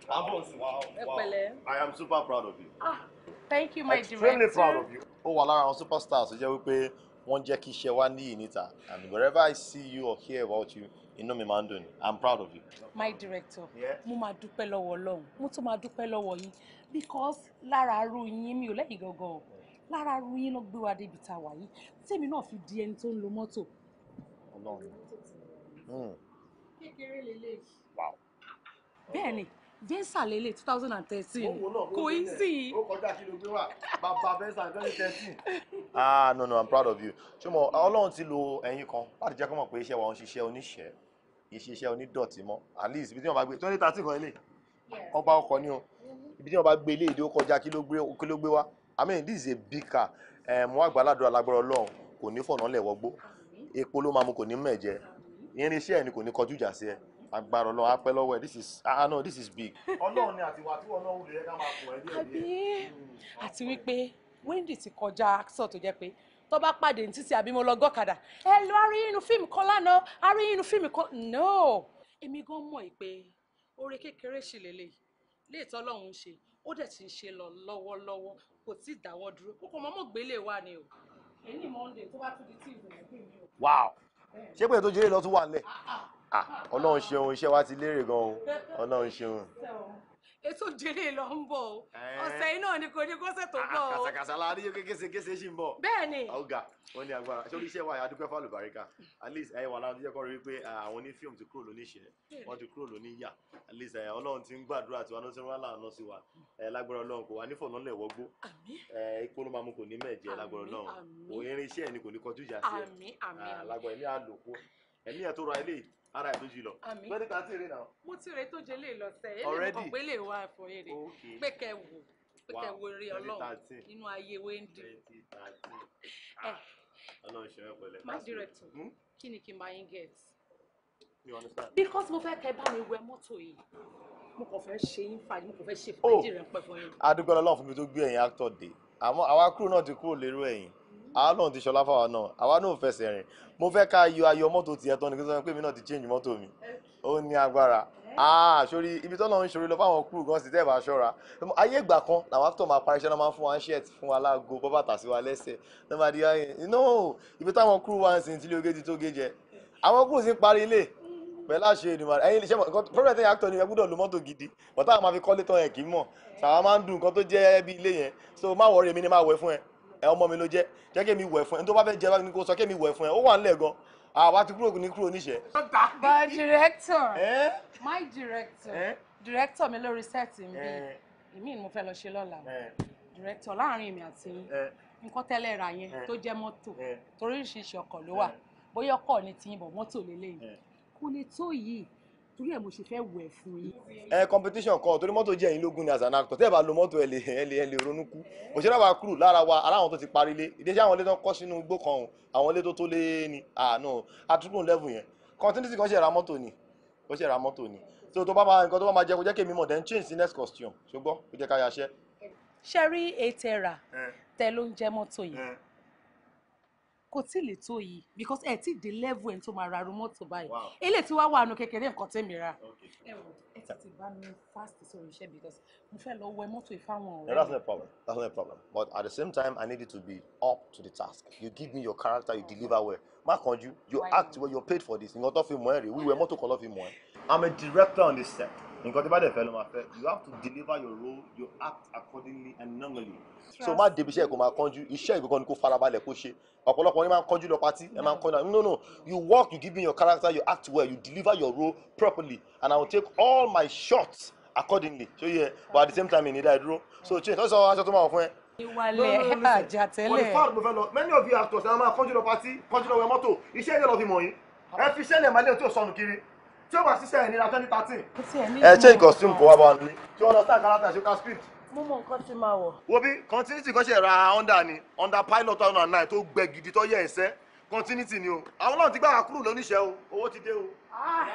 I am super proud of you. Ah, thank you, my Extremely director. Extremely proud of you. Oh, wà lára àwọn superstars tó jẹ́ wípé wọ́n jẹ́ kí in wa And wherever I see you or hear about you, inú mi me mandun. I'm proud of you. My director, mo máa dúpẹ́ lọ́wọ́ Ọlọ́run, mo tún máa because Lara aró yín mi ò go go, Lara Lára aró yín ló gbé wa débi tá a wà yìí. Tèmi náà fi di ẹni tó ń lo mọ́tò. Ọlọ́run. Hmm. Kékeré lélẹ́yìí. Bẹ́ẹ̀ jẹ́sà lélẹ̀ two kò í sí. ó kọjá kí ló gbé wá bàbá bẹ́sà twenty ah no no i'm proud of you ṣùgbọ́n ọlọ́run ti lo ẹ̀yin kan láti jẹ́ kó mọ̀ pé iṣẹ́ wa ń ṣiṣẹ́ oníṣẹ́ ìṣiṣẹ́ onídọ̀tí mọ́ at least ibi tí wọ́n bá gbé twenty thirteen kan ilé ọba ọkọ ni o ibi tí wọ́n bá gbé ilé ìdí ó kọjá kí ló gbé wá i mean this is a big car mo wá gbàládùn alágbára ọlọ́run kò ní fọ̀nà lẹ̀ wọgbó epo ló máa mu kò ní mẹ̀jẹ irinṣẹ́ ẹ̀ ni kò ní kọjú ìjà sí ẹ agbára Ọlọ́run apẹ lọ́wọ́ ẹ this is ah no this is big. Ọlọ́run ni àtiwá tí Ọlọ́run lè ká máa pọ ẹ díẹ̀ díẹ̀. Hmm. àti wípé Wendy ti kọjá axel tó jẹ́ pé tó bá pàdé ní títí àbí mo lọ gọkàdà ẹ lọ a inú fíìmù kan lánàá a inú fíìmù kan no èmi gan mọ̀ ẹ pé oore kékeré ṣì lélẹ̀ léètọ́ Ọlọ́run ṣe ó dẹ̀ ti ń ṣe lọ lọ́wọ́lọ́wọ́ kò tí ì dáwọ́ dúró kókò mọ́mọ́ gbélé wa ni o èyí ni Monday tó bá tún di tí ìrìn wow ṣé pé ètò ìjírè lọ ọlọ́run ṣeun iṣẹ́ wa ti lérè gan-an ọlọ́run ṣeun. ètò ìdílé lọ ń bọ̀ o ọ̀sẹ̀ yìí náà ni kò ní kọ́sẹ̀ tó bọ̀ o. kàṣàkàṣà la rí kése kése ṣì ń bọ̀. bẹ́ẹ̀ni. ọ̀gá ó ní agbára sórí iṣẹ́ wa àdúgbò fáwọn olùbáríkà at least ẹ wà láwọn tó jẹ́ kọ́ rí pé àwọn oní fíìmù ti kúrò lóníṣẹ́ wọ́n ti kúrò lóníyà at least ọlọ́run ti ń gbàdúrà tiwa ló ti ń rálá àná sí wa lágbára ọlọ́run kò wá nífọ̀ lọ́lẹ̀ wọ́gbó ikú kò ní mẹ̀jẹ̀ lágbára ọlọ́run òun irinṣẹ́ ẹni kò ní kọjú ìjà sí ẹ lágbára ẹ̀mí àlòkù ẹ̀mí ẹ̀ tó ra eléyìí ara ìdójì lọ. àmì lọ́dún kan tí ì rí náà. mo ti rè tó jẹ lè lọ sẹ eléyìí kò pé lè wá fún èrè pé kẹ wò pé kẹ wò rí Ọlọ́run nínú ayé wéńdì. Eh. Ah, Ọlọ́run ṣe mẹ́pẹ́ lẹ. my director hmm? kí ni kí n bá yín get. because mo fẹ́ kẹ́ bá mi wẹ mọ́tò yìí mo kàn fẹ́ ṣe yín fàájì mo kàn fẹ́ ṣe oh. fàájì rẹ̀ pẹ́ fún yín. adúgbò Ọlọ́run fún mi tó gbé ẹ̀yin actor dé àmọ́ àwa kúrò náà ti kúrò lérò ẹ̀yìn àálọ̀ ti ṣọlá fáwa náà àwa náà fẹsẹ̀ rìn mo fẹ́ ká yọ ayọ̀ mọ́tò tiẹ̀ tán ni kí n sọ pé mi náà ti change mọ́tò mi ó ní agbára eh? ah sórí ibi tọ́lọ́ ń ṣòro lọ fáwọn kúrú gan sì tẹ́ẹ̀bà ṣọ́ra ayé ìgbà kan làwọn after máa parí iṣẹ́ náà máa ń fún wa ń ṣẹ́ẹ̀tì fún wa láago bọ́ bàtà sí wa lẹ́sẹ̀ no ibi táwọn kúrú wa ń sin tí ilé ogéjì tó géjẹ àwọn kúrú sì ń parí ilé pẹ̀lú àṣẹ ìdìmọ̀ ẹ̀yin lè ṣe mọ̀ pẹ́pẹ́ tẹ́yìn actor ni ẹ gbọ́dọ̀ lo mọ́tò gidi bọ́tà máa fi kọ́lé tán ẹ̀ kì í mọ̀ sàwọn máa ń dùn nǹkan tó jẹ́ bí ilé yẹn so má wọrí èmi ni máa wẹ̀ fún ẹ ẹ ọmọ mi ló jẹ́ jẹ́ kí èmi wẹ̀ fún ẹ ní tó bá fẹ́ jẹ bá mi kó sọ kí èmi wẹ̀ fún ẹ ó wà nílẹ̀ gan àwa ti kúrò ní kúrò níṣẹ́. but director my director director mi lórí set mi èmi ni mo fẹ́ lọ ṣe lọ́la director láàrin èmi àti yín nǹkan tẹ́lẹ̀ ra yẹn tó jẹ́ mọ́tò torí oríṣiríṣi ọkọ̀ ló wà bóyá ọkọ̀ ni tiyín bọ̀ mọ́tò lélẹ́yìn kò lè tó yìí torí ẹ̀ mo ṣe fẹ́ wẹ̀ fún yín. ẹ competition kan torí mọ́tò jẹ́ ẹ̀yin lógún ni as an actor tẹ́ ẹ bá lo mọ́tò ẹ lè ẹ lè ẹ lè ronú kú òṣèré àwa kúrò lára wa ara àwọn tó ti parí lé ìdíje àwọn ilé tó ń kọ́ sínú igbó kan o àwọn ilé tó tó lé ní àánú àtúntò level yẹn continuity kan ṣe ra mọ́tò ni ó ṣe ra mọ́tò ni tó tó bá máa nǹkan tó bá máa jẹ kó jẹ́ kémi mọ̀ then change the next costume ṣùgbọ́n kó jẹ́ ká yà ṣẹ́. ṣe rí ètè rà tẹ ló ń jẹ mọ́tò yìí kò tí lè tó yìí because ẹ tí ì level ẹ̀ tó máa ra mọ́tò báyìí eléyìí tí wàá wà nù kékeré nǹkan tèmi ra ẹ wò ẹ tètè bá mi fast sórí iṣẹ́ because mo fẹ́ lọ wẹ mọ́tò ìfáwọn ọ̀rẹ́. that's no problem that's no problem but at the same time I need you to be up to the task you give me your character you deliver well má kánjú you act well you are paid for this nǹkan tó fi mọ ẹ rè wíwẹ mọ́tò kan ló fi mọ ẹ. I'm a director on this set nǹkan tí bá dẹ̀ fẹ́ ló máa fẹ́ you have to deliver your role you act accordingly and normally. so má débi iṣẹ́ kò máa kánjú iṣẹ́ ìgbẹ́kọ̀ ni kò farabalẹ̀ kó ṣe ọ̀pọ̀lọpọ̀ ni máa ń kánjú lọ pátì ẹ máa ń kánjú no no you work you give me your character you act well you deliver your role properly and i will take all my shots accordingly so yẹ yeah, but at the same time ìnídà ìdúró so change lọ́sọ̀ aṣọ tó máa wọ̀ fún ẹ ìwàlẹ̀ àjà tẹ́lẹ̀. for the fact fẹ́ lọ many of you actors ẹ máa kánjú lọ pátì kánjú lọ wẹ mọ́tò iṣẹ́ yẹn lọ fi mọ̀ yín ẹ fi iṣẹ́ lẹ̀ máa kiri tí ó bá ṣiṣẹ́ ìnira twenty thirteen. ẹ ṣe costume kó wá bá wọn lé tí wọn lọ sáà kárátà ṣe ká script. mo mọ nǹkan tí máa wọ. wo bí continuity kan ṣe ra honda ni honda pilot two thousand and nine tó gbẹ gidi tó yẹ ẹsẹ continuity ni o àwọn náà ti gbà wá kúrò lóníṣẹ́ o owó ti dé o. Ah!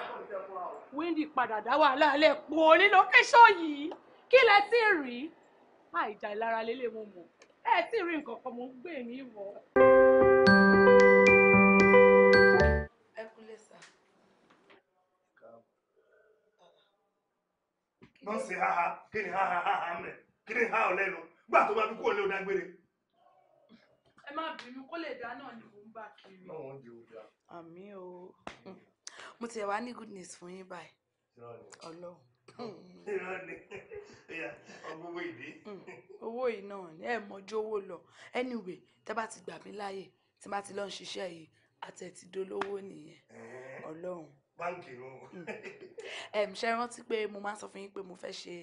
windy padà dá wàhálà lẹ pọ̀ ní location yìí kí lẹ ti rí àìjà ìlara lélẹ̀ mo mọ̀ ẹ ti rí nǹkan kan mo ń gbé ní ìwọ. wọ́n ṣe haha kí ni haha haha mẹ́ kí ni ha ọ̀lẹ́nu gbà tó bá fi kú òní òdágbére. ẹ má bínú kó lè dá ni mò ń bà kiri. náà wọ́n jẹ òdà. àmì o mo ti ẹ̀ wá ní good news fún yín báyìí ọlọ́run owó yìí náà ni ẹ mọjú owó lọ anyway tẹ bá ti gbà mí láàyè tí bá ti lọ ń ṣiṣẹ́ yìí àtẹ̀tí dolówó nìyẹn ọlọ́run báǹkì nù. ṣe rántí pé mo máa ń sọ fún yín pé mo fẹ́ ṣe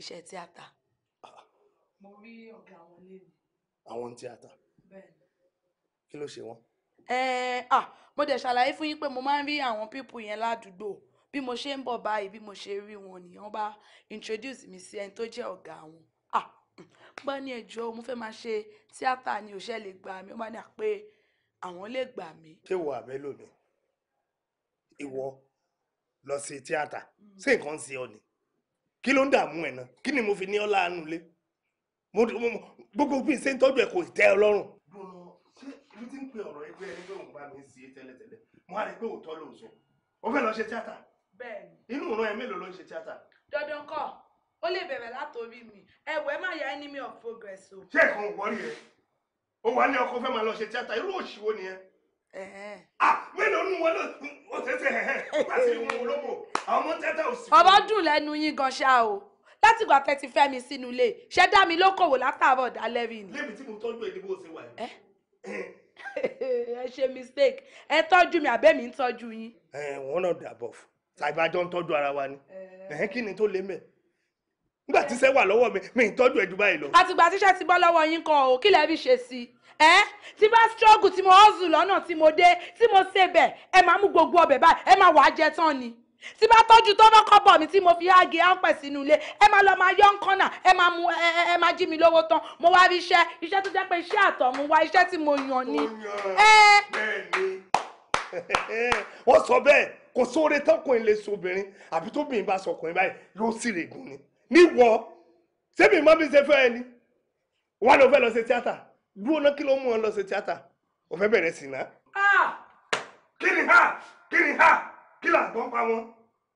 iṣẹ́ tíátà. Ah. mo rí ọ̀gá wọn léèrè. àwọn tíátà. bẹ́ẹ̀ni. kí ló ṣe wọn. Eh, ah, mo dẹ̀ ṣàlàyé fún yín pé mo máa ń rí àwọn pípù yẹn ládùúgbò bí mo ṣe ń bọ̀ báyìí bí mo ṣe rí wọn nìyẹn bá introduce mi sí ẹni tó jẹ́ ọ̀gá wọn ah, bá ní ẹjọ́ mo fẹ́ máa ṣe tíátà ni òṣèlè gbà mí ó bá ní àpé àwọn lè gbà mí. ṣé wo àbẹ́ lónìí ìwọ lọ sí tíátà mm. ṣé nǹkan ń ṣe ọ ni kí ló ń dààmú ẹ náà kí ni mo fi ní ọ láàánú lé gbogbo bí ṣe ń tọ́jú ẹ kò tẹ́ ọ lọ́rùn. mo ti ń pe ọ̀rọ̀ ẹgbẹ́ ẹni pé òun bá mi ṣe tẹ́lẹ̀tẹ́lẹ̀ mo á rí i pé òótọ́ ló ń sọ ó fẹ́ lọ ṣe tíátà inú ìran ẹ mélòó ló ń ṣe tíátà. dandan kọ́ ó lè bẹ̀rẹ̀ látòrí mi ẹ̀wẹ̀ má ya enemy of progress o. ṣé ìkan ò wọrí ẹ ó wà ní ọkọ fẹ́ máa lọ ṣe tíátà irú òṣìwò nìyẹn mélòó nu wọn ó tètè ọmọ dùn lẹ́nu yín gan ṣá o láti ìgbà tẹ́ ti fẹ́ mi sínú ilé ṣé dá mi lókòwò látàárọ̀ dálẹ́ rí ni. lébi tí mo tọ́jú èdè ṣe wà yìí. Eh? Eh. ẹ ṣe mistake ẹ tọ́jú mi àbẹ́ mi ń tọ́jú yín. ẹ eh, wọn náà dàbọ̀ tàbí àjọ ń tọ́jú ara wa ni kí ni tó lé mẹ́ẹ̀ nígbà tí iṣẹ́ wà lọ́wọ́ mi mi ń tọ́jú ẹ̀ jù báyìí lọ. àtìgbà tíṣẹ́ ti bọ́ lọ́wọ́ yín kan o kí lẹ fi ṣe sí i ẹ tí bá struggle tí mo hustle lọ́nà tí mo dé tí mo ṣe bẹ̀ ẹ máa mú gbogbo ọbẹ̀ báyìí ẹ máa wàá jẹ tán ni tí bá tọ́jú tó fọ́kọ́ bọ̀ mí tí mo fi ági áńpẹ̀ sínú ilé ẹ máa lọ máa yọ ń kọ́nà ẹ máa mú ẹ máa jí mi lówó tán mo wá rí iṣẹ́ iṣẹ́ tó jẹ́ pé iṣẹ́ àtọ̀run wá iṣẹ́ tí mo yàn ni. wọ́n sọ bẹ́ẹ̀ kò sóore tán kò ń lè so obìnrin àbí tóbìnrin bá sọkùnrin báyìí yóò sì rè gùn ni. níwọ sẹ́mi má bí ṣe ẹni ẹ ni wà ló lọ se tíátà dúró ná kí ló mú ọ lọ se tíátà ò fẹ́ bẹ̀rẹ̀ sí kini ha kini ha kila là pa wọn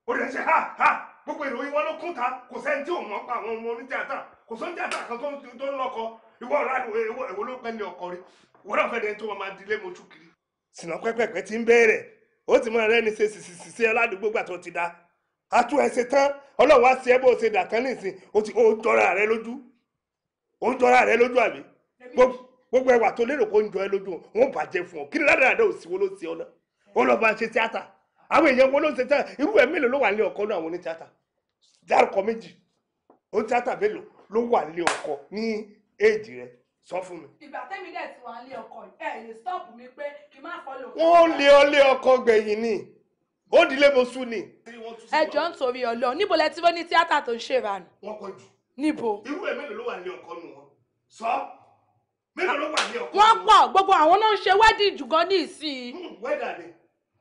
o lè ṣe ha ha gbogbo ìròyìn wọn lo kún ta kò sẹ́ni tí ò mọ̀ pa àwọn ọmọ oní tíátà kò sóní tíátà kan tó ń lọ́kọ ìwọ ọ̀la ìwọ ló pẹ́ ní ọkọ rẹ ìwọ náà fẹ́ dẹni kiri. sìnà pẹ́pẹ́pẹ́ ti ń bẹ̀rẹ̀ o ti mọ ẹrẹ́ni ṣe sì sì ti da. atú ẹ ṣe tán ọlọ́run wá sí ẹ bó ṣe dàtán nísìn o ti o ń jọra rẹ lójú o ń jọra rẹ lójú àbí gbogbo ẹwà tó lérò kó ń jọ ẹ lójú wọn bàjẹ́ fún ọ kí ni ládàáda òsì wo ló ṣe ọ náà ó lọ bá ṣe tíátà àwọn èèyàn wo ló ṣe tíátà irú ẹ mélòó ló wà ní ọkọ náà àwọn oní tíátà dárúkọ méjì ó tíátà mélòó ló wà ní ọkọ ní éèdì rẹ sọ fún mi. ìgbà tẹ́mi dẹ̀ ti wà ní ọkọ ẹ̀ lè stọ́ọ̀pù mi pé kí n má fọ́ wọ́n lé ọ lé ọkọ gbẹ̀yìn ni ó dilé mo sùn ni. ẹ jọ ń torí Ọlọ́run níbo lẹ ti fọ ní tíátà tó ń ṣèrànù. wọn pọ̀ jù. níbo. irú ẹ mélòó ló wà ní ọkọ nù wọn sọ mélòó ló wà ní ọkọ nù wọn. wọn pọ̀ gbogbo àwọn náà ń ṣe wẹ́dì jù gan ní ìsìn. Hmm, wẹ́dà ni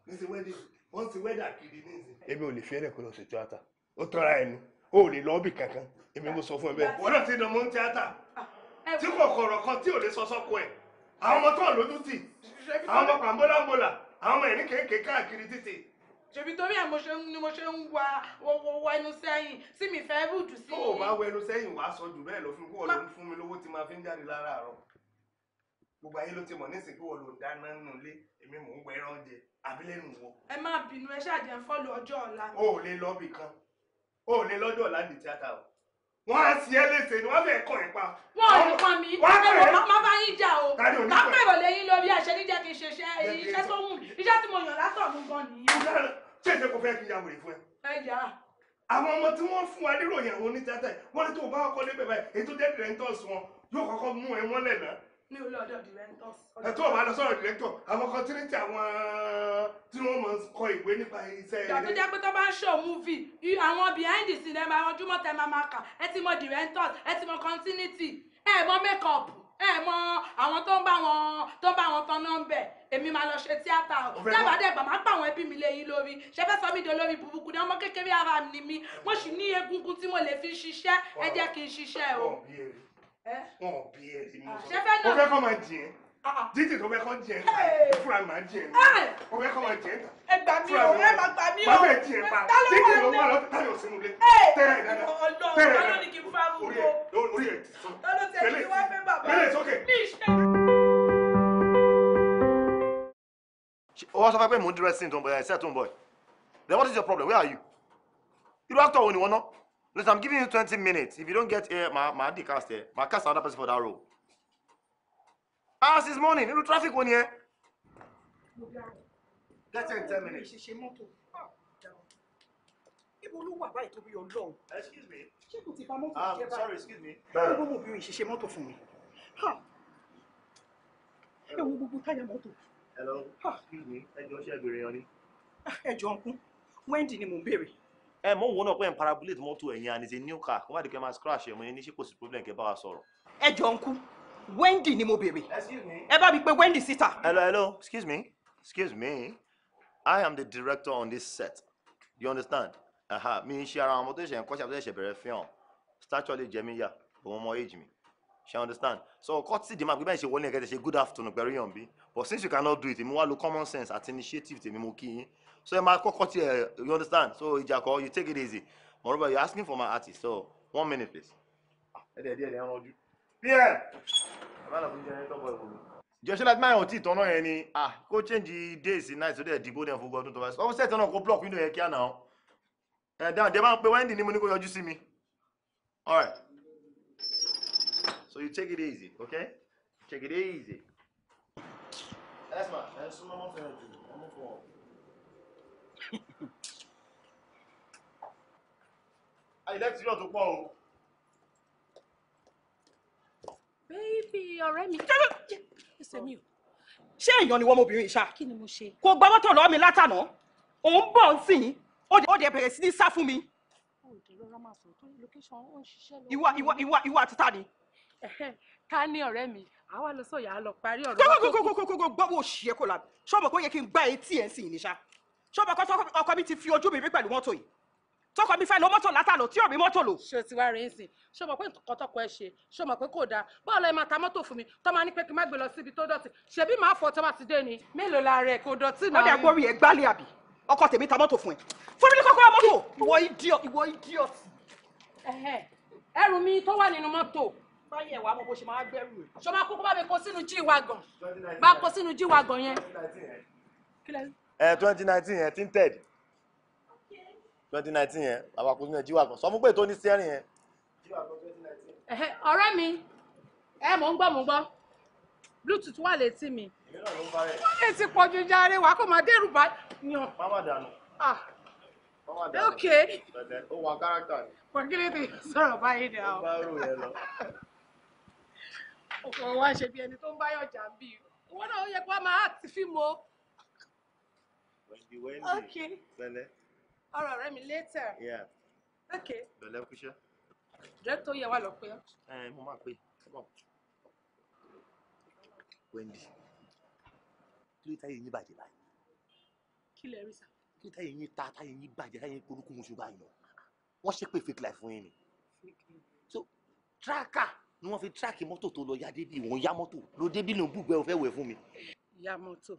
ní ti wẹ́dì wọ́n ti wẹ́dà kiri ní ìsìn. èmi ò lè fi ẹ̀rẹ̀ kó lọ sí tíátà ó tọ́ra ẹni ó ò lè lọ ọ́bì kankan èmi mo sọ fún ẹ bẹ́ẹ̀. wọ́n náà ti dánmọ́ tíátà ah, tí kòkòrò kan tí ò lè sọ sọ́kọ ẹ̀ àwọn ọmọ tó ń lójú tì àwọn ọmọ pàmbólàmbólà àwọn ọmọ ẹ̀ ní káàkiri títì ṣèbí torí ẹ mo ṣe ni mo ṣe ń wa wọ ẹnu sẹ́yìn sí mi fẹ́ rúdù sí. tó o bá wọ ẹnu sẹ́yìn wàá sọ jù bẹ́ẹ̀ lọ fún kí wọ́n ló fún mi lówó tí máa fi ń jáde lára gbogbo ayé ló ti mọ̀ nísìnyí kí wọ́n ló dáná nù lé èmi mò ń wẹ ẹran jẹ abilẹ́nu wọ. ẹ má bínú ẹ ṣáà jẹ́ fọ́ọ̀lù ọjọ́ o ò lè lọ́ọ̀bì kan o ò lè lọ́dọ̀ ọ̀la ní tíátà o wọ́n á sí ẹ léṣe ni wọ́n fẹ́ kọ́ ẹ pa. wọ́n ò ní pọn mi ẹ̀rọ máa bá yín jà o ká pẹ̀rọ̀ lẹ́yìn lórí àṣẹ níjẹ́ kí n ṣe iṣẹ́ tó wù iṣẹ́ tí mo yàn látọ̀ mú gan nìyí ṣèṣe kò fẹ́ kí ya wèrè fún ẹ. ẹ yà á. àwọn ọmọ tí wọ́n fún wa níròyìn àwọn onítẹ́tẹ́ wọ́n ní tó bá ọkọ débẹ̀ báyìí ètò jẹ́ dìrẹ́ńtọ́ọ̀sì wọn yóò kọ́kọ́ mú ẹ wọ́n lẹ̀ náà ní olú ọ̀dọ̀ directors. ẹ̀tọ́ ọba lọ sọ̀rọ̀ director àwọn kan tí ní ti àwọn tí wọ́n máa ń kọ ìwé nípa iṣẹ́. ìgbà tó jẹ́ pé tó bá ń show movie àwọn behind the cinema. ẹ̀ máa rọjúmọ́ tẹ́ máa máa kà ẹ ti mọ directors ẹ ti mọ continuity ẹ mọ make up ẹ mọ àwọn tó ń bá wọn tó ń bá wọn tán náà ń bẹ èmi máa lọ ṣe tíátà o dábàá dẹgbà máa pa àwọn ẹbí mi lé yín lórí ṣe fẹ́ sọ mí di olórí burúkú ni ọmọ kékeré ara ni mí mo sì ní egungun tí mo lè fi ṣiṣẹ́ ẹ jẹ́ kí n ṣiṣẹ́ o. wọn ò bí ẹ rí ah, fẹ́ fọ́ máa jìn ẹ́ jíjì ah, ah. tó fẹ́ kọ́ jẹ ẹ̀ fúnra màá jẹ ẹ̀ ó fẹ́ kọ́ máa jẹ ẹ̀ ẹ gbà mí o ẹ máa gbà mí o bàbá ẹ jẹ ẹ pa jíjì ló wà lọ́tẹ̀ táyọ̀ sínú ilé tẹ́rẹ̀ ìdáná tẹ́rẹ̀ ìdáná orí ẹ̀ orí ẹ̀ ti sùn tẹ́lẹ̀ tẹ́lẹ̀ sókè. ọwọ́ sọ fẹ́ pé mò ń dírẹ́sìn tó ń bọ̀ ẹ̀ tó ń bọ̀ ẹ̀ then what is your problem where are you irú actor wo ni wọ́n ná listen i'm giving you twenty minutes if you don't get here eh, ma ma dey cast here eh, ma cast another person for that role hours this morning nínú traffic wo ni ẹ. get ten ten minutes. Ah, ibo ló wà báyìí tóbi ọlọ́run. excuse me. ṣé kò ti pa mọ́tò ah, jẹ́ báyìí. sorry excuse me. ibo mo bìrì ṣiṣẹ́ mọ́tò fún mi. ẹ wo gbogbo táyà mọ́tò. hello excuse me ẹ jọ ṣe é bèrè yan ni. Ah, ẹ jọ ń kún wendy ni mò ń béèrè ẹ mọ òun náà pé n parabulate mọ́tò ẹ̀yìn and it's a new car wọ́n á di kẹ́ máa scratch ẹ̀mọ́ yẹn ní ṣé kò sí problem kẹ́ bá wa sọ̀rọ̀. ẹ jọ ń kú wendy ni mo béèrè ẹ bá mi pè wendy síta. hello hello excuse me excuse me i am the director on this set you understand mi ń ṣe ara àwọn ọmọ tó ṣe ń kọ́ṣẹ́ àti ẹ̀ṣẹ̀ bẹ̀rẹ̀ fi hàn statually jẹ́mi yá òun ọmọ age mi ṣe understand so courtesy demand pé bẹ́ẹ̀ ṣe wọlé ẹ̀kẹ́tẹ̀ ṣe good afternoon pẹ̀lú yàn bí but since you cannot do it mo wá lo common sense àti initiative tèmi mo kí yín so ẹ máa kọ́kọ́ tiẹ̀ you understand so ìjàkọ́ you take it easy moreover you asking for my artist so one minute please. ẹ dẹ̀ díẹ̀ dẹ̀ ń rọjú. pm jọ́sí láti máa ọtí ìtọ́nà yẹn ni ah, kó change days night tó dẹ̀ dẹ̀ fún ọdún tó bá sọ ọ́fíìsì ẹ̀tọ́ kó block window yẹn kíá náà ẹ̀ dáhùn dẹ́ ń pe wendy ni mo ní kó yọjú sí mi alright so you take it easy okay take it easy. Yes, ma. Ẹ súnmọ́ mọ́ fẹ́ràn jù ọmọ fún ọ. Àyìnlẹ́tì ah, náà tó pọ̀ o. bẹ́ẹ̀bì ọ̀rẹ́ mi ẹsẹ̀ mi o. ṣé èèyàn ni wọ́n mọbìnrin ìṣá. kí ni mo ṣe. kò gbọ́ mọ́tò lọ́wọ́ mi látànà òun bọ̀ ń sìn ó dẹ̀ bẹ̀rẹ̀ sí ní sá fún mi. ìwà ìwà ìwà ìwà àti ta ni. ká ní ọ̀rẹ́ mi àwa lọ sọ̀yà á lọ parí ọ̀rọ̀. kókókókókókó gbọ́ wo ṣì é kó la ṣọ́ọ̀bù kó yẹ kí n gbá etí ẹ̀ sìn ní ṣá ṣọ́ọ̀bù ọkọ mi ti fi ojú mi rí pẹ̀lú mọ́tò yìí tọkọ mi fẹ́ lo mọ́tò látàlọ́ tí ò rí mọ́tò lò. ṣé o ti wá rí nsìn ṣé o mọ̀ pé nǹkan tọkọ ẹ ṣe ṣé o mọ̀ pé kò dáa báwo lẹ máa ta mọ́tò fún mi tọ́ máa ní pé kí n má gbé lọ síbi tó dọ̀tí ṣebí máa fọ tọ́wọ́ ti dé ni mélòó la rẹ̀ kò dọ̀tí náà. ó dẹ̀ gbórí ẹ gbálẹ̀ àbí ọkọ tèmi ta mọ́tò fún ẹ fún mi ní kọ́kọ́rọ́ mọ́tò ìwọ idiot ìwọ idiot. ẹrù mi tó wà nínú mọ́tò báyẹ̀ wà mo bó ṣe máa gbẹ́rù rẹ̀. ṣọba kókó bá mi kó sínú wagon bá kó sínú jí wagon yẹn. ẹ twenty nineteen yẹn tinted. 2019 nineteen yẹn bàbá kò sínú ẹ̀ jíwà kan sọ fún pé tó ní sẹ́rìn yẹn. ọ̀rẹ́ mi ẹ mò ń gbọ́ mò ń gbọ́ bluetooth wà létí mi wọ́n lè ti pọ̀jù járe wà kó máa dẹ́rù bá yàn. má má dànù. ok. ó wà káràkítà ni. pọ̀kílẹ̀ ti sọ̀rọ̀ báyìí ni àwọn. ó bá rò yẹn lọ. ọkọ̀ wa ṣe bí ẹni tó ń báyọ̀ jà ń bì owó náà ó yẹ kó máa ti fíìmù o. wẹ́ndì wẹ́ndì pẹ̀lẹ́ all right remi later. yeah. okay. bẹ̀lẹ̀ kúṣẹ́. director yẹ wa lọ pé. ẹ mo máa pè é Wendy kí ló táyé yín bàjẹ́ báyìí. kí lè rí sá. kí ló táyé yín ta táyé yín bàjẹ́ táyé yín polúkú musu báyìí nà wọ́n ṣépè fake life fún yín ni. so tracker ni wọ́n fi tíráàkì mọ́tò tó lọ ya débi ìwọ̀n ya mọ́tò ló débi ló ń bùgbẹ́ òfẹ́ wẹ̀ fún mi. ya mọ́tò